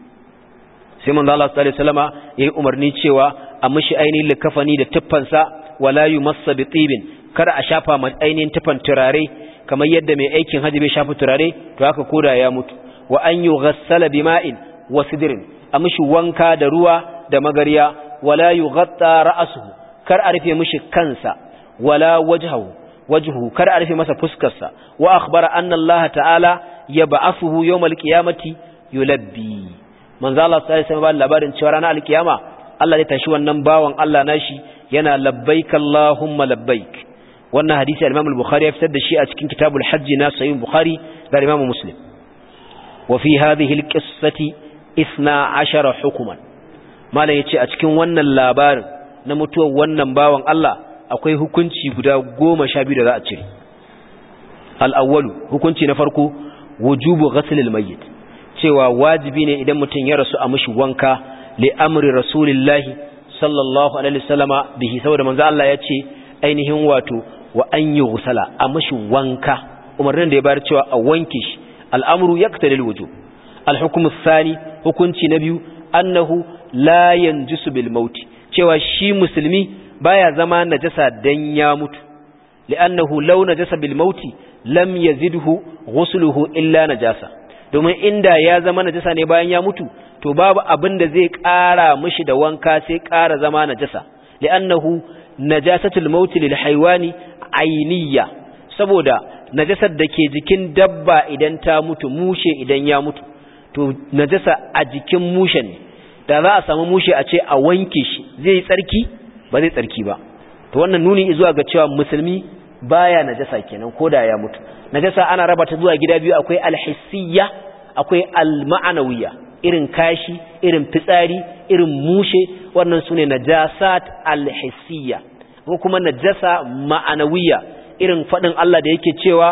S1: sai manzo Allah sallallahu alaihi wasallama yayi umarni cewa a mishi ainihin likafani da tuffansa wa la yumassa bi tibin kada a shafa mai ainihin tuffan turare kamar yadda mai aikin haji bai shafa turare to haka koda ya mutu wa an yughassala bima'in wa sidirin a mishi wanka da ruwa da magariya wala yughatta ra'suhu kar a rufe mishi kansa wala wajhahu kar a rufe masa fuskarsa wa akhbara anna Allah ta'ala yab'athuhu yawmal qiyamati yulabbi manzo Allah sai sai ba labarin cewa ranar alkiyama Allah zai tashi wannan bawan Allah nashi yana labbaik Allahumma labbaik wannan hadisi al-Imam al-Bukhari ya fitar da shi a cikin kitabul Hajj na Sahih Bukhari da Imam Muslim wa fi hadhihi al isna ashara hukuman malam ya ce a cikin wannan labarin na mutuwar wannan bawan Allah akwai hukunci guda goma sha biyu da za a cire al'awwalu hukunci na farko wujubu ghasilil mayyit cewa wajibi ne idan mutum ya rasu a mushi wanka li amri rasulillahi sallallahu alaihi da bihi saboda manzo Allah ya ce ainihin wato wa an yi a mashi wanka umarnin da ya bayar cewa a wanke shi al'amuru ya ƙasarar wujo alhukumus sani hukunci na biyu annahu la yanjisu bil mauti cewa shi musulmi baya zama najasa dan ya mutu li'annahu law najasa bil mauti lam yazidhu ghusluhu illa najasa domin inda ya zama najasa ne bayan ya mutu to babu abin da zai ƙara mishi da wanka sai ƙara zama najasa li'annahu najasatul mauti lil haywani ayniya saboda najasar da ke jikin dabba idan ta mutu mushe idan ya mutu to najasa a jikin mushe ne da za a samu mushe a ce a wanke shi zai yi tsarki ba zai tsarki ba to wannan nuni zuwa ga cewa musulmi baya najasa kenan ko da ya mutu najasa ana raba ta zuwa gida biyu akwai alhissiyya akwai alma'anawiyya irin kashi irin fitsari irin mushe wannan sune najasat alhissiyya ko kuma najasa ma'anawiyya irin faɗin Allah da yake cewa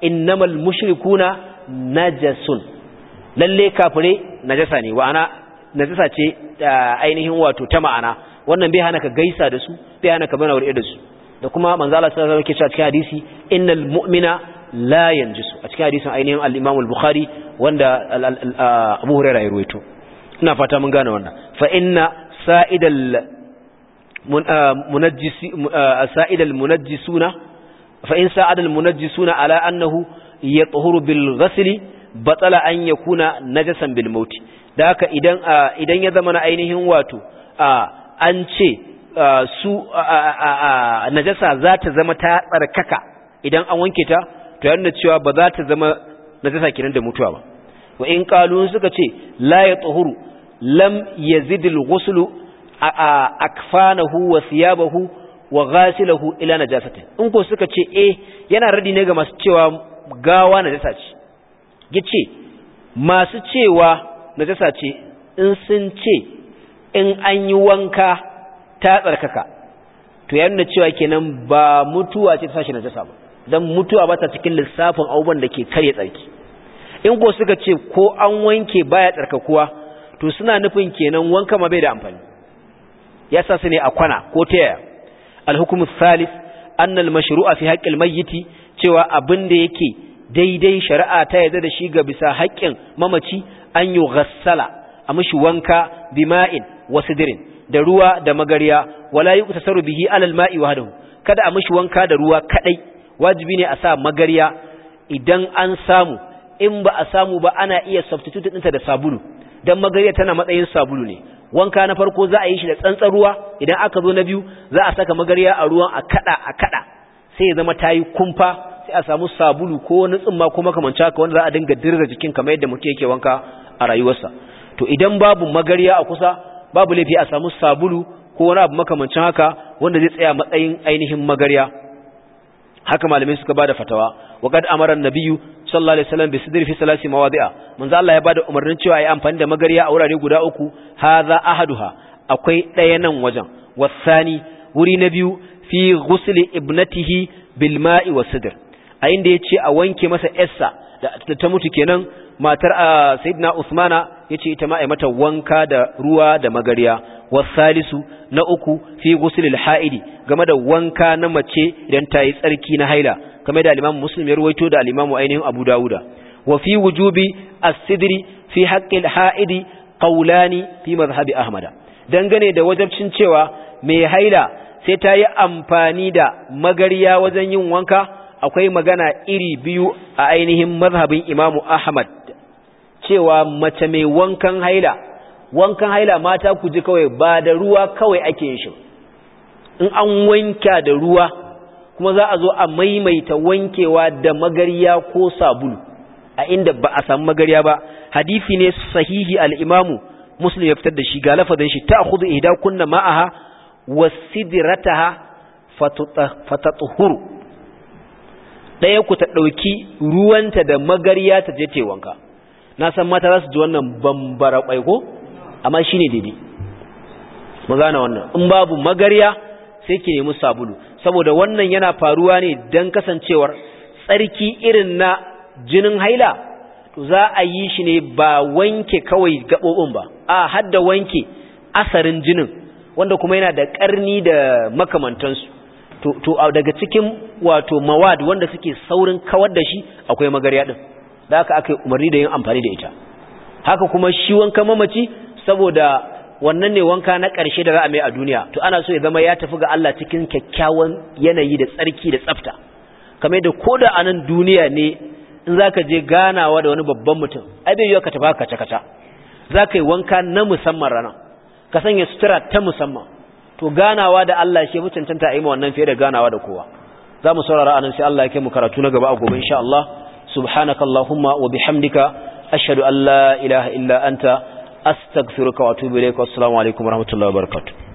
S1: innamal mushrikuna najasun lalle kafire najasa ne wa'ana najasa ce ainihin wato ta ma'ana wannan bai hana ka gaisa da su bai hana ka banawar da su da kuma manzo Allah sallallahu alaihi wasallam cikin hadisi innal mu'mina la yanjisu a cikin hadisin ainihin al-Imam al-Bukhari wanda Abu Hurairah ya ruwaito ina fata mun gane wannan fa inna sa'idal munajjisi sa'idal munajjisuna fa in sa'adal munajjisuna ala annahu yatahuru bil ghasli batsala an yakuna najasan bil da haka idan ya zama na ainihin wato an ce su najasa za ta zama ta tsarkaka idan an wanke ta to yana cewa ba za ta zama najasa kenan da mutuwa ba wa in qalu suka ce la ya yatahuru lam yazidil ghuslu akfanahu wa thiyabahu wa ghasilahu ila najasatin in ko suka ce eh yana radi ne ga masu cewa gawa najasa ce gice masu cewa na jasa ce in sun ce in an yi wanka ta tsarkaka to ya cewa kenan ba mutuwa ce ta na jasa ba don mutuwa ba ta cikin lissafin abubuwan da ke karya tsarki in ko suka ce ko an wanke baya tsarkakuwa to suna nufin kenan wanka ma bai da amfani ya sa su ne a kwana ko ta yaya alhukumus salis annal mashru'a fi haƙƙil mayyiti cewa abin da yake daidai shari'a ta yadda da shi ga bisa haƙƙin mamaci an yi ghassala a mishi wanka bima'in wa sidirin da ruwa da magariya wala yi saro bihi alal ma'i hadahu kada a mishi wanka da ruwa kaɗai, wajibi ne a sa magariya idan an samu in ba a samu ba ana iya substitute ɗinta da sabulu dan magariya tana matsayin sabulu ne wanka na farko za a yi shi da tsantsar ruwa idan aka zo na biyu za a saka magariya a ruwan a kaɗa a kaɗa. sai ya zama tayi kumfa sai a samu sabulu ko wani tsumma ko makamanci haka wanda za a dinga dirza jikin kamar yadda mutum yake wanka a rayuwarsa to idan babu magariya a kusa babu laifi a samu sabulu ko wani abu makamancin haka wanda zai tsaya matsayin ainihin magariya haka malamai suka bada fatawa wa kad amara annabiyyu sallallahu alaihi wasallam bi sidri fi salasi mawadi'a manzo Allah ya bada umarnin cewa ai amfani da magariya a wurare guda uku hadha ahaduha akwai ɗaya nan wajen wasani wuri na biyu fi ghusli ibnatihi bil ma'i wa sidr a inda ya ce a wanke masa yarsa da ta mutu kenan matar a sayidina usmana ya ce ita ma mata wanka da ruwa da magariya wasalisu na uku fi gusulil ha'idi game da wanka na mace idan ta yi tsarki na haila kamar da alimamu muslim ya ruwaito da alimamu ainihin abu dawuda wa fi wujubi as-sidri fi haƙƙil ha'idi ƙaulani fi mazhabi ahmada dangane da wajabcin cewa mai haila sai ta yi amfani da magariya wajen yin wanka akwai magana iri biyu a ainihin mazhabin imamu ahmad cewa mace mai wankan haila wankan haila mata ku ji kawai ba da ruwa kawai ake yin shi in an wanka da ruwa kuma za a zo a maimaita wankewa da magariya ko sabulu a inda ba a samu magariya ba hadisi ne sahihi al-imamu muslim ya fitar da shi ga lafazin shi ta khudu ihda kunna ma'aha wasidrataha fatatuhuru ɗaya ku ta ɗauki ruwanta da magarya ta je wanka na san mata za su ji wannan bambara ƙwai amma shi ne daidai mu gane wannan in babu magarya sai ki nemi sabulu saboda wannan yana faruwa ne don kasancewar tsarki irin na jinin haila to za a yi shi ne ba wanke kawai gaɓoɓin ba a hadda wanke asarin jinin wanda kuma yana da ƙarni da makamantansu to daga cikin wato mawad wanda suke saurin kawar da shi akwai magarya din da haka aka umarni da yin amfani da ita haka kuma shi wanka mamaci saboda wannan ne wanka na ƙarshe da za a mai a duniya to ana so ya zama ya tafi ga Allah cikin kyakkyawan yanayi da tsarki da tsafta kamar da koda a nan duniya ne in zaka je ganawa da wani babban mutum ai bai yiwa ka tafi kaca Za zaka yi wanka na musamman rana ka sanya sutura ta musamman to ganawa da Allah shi mutun tanta ayi wannan fiye da ganawa da kowa zamu saurara anan sai Allah yake mu karatu na gaba a gobe insha Allah subhanakallahumma wa bihamdika ashhadu an la ilaha illa anta astaghfiruka wa atubu ilaik assalamu alaikum warahmatullahi wabarakatuh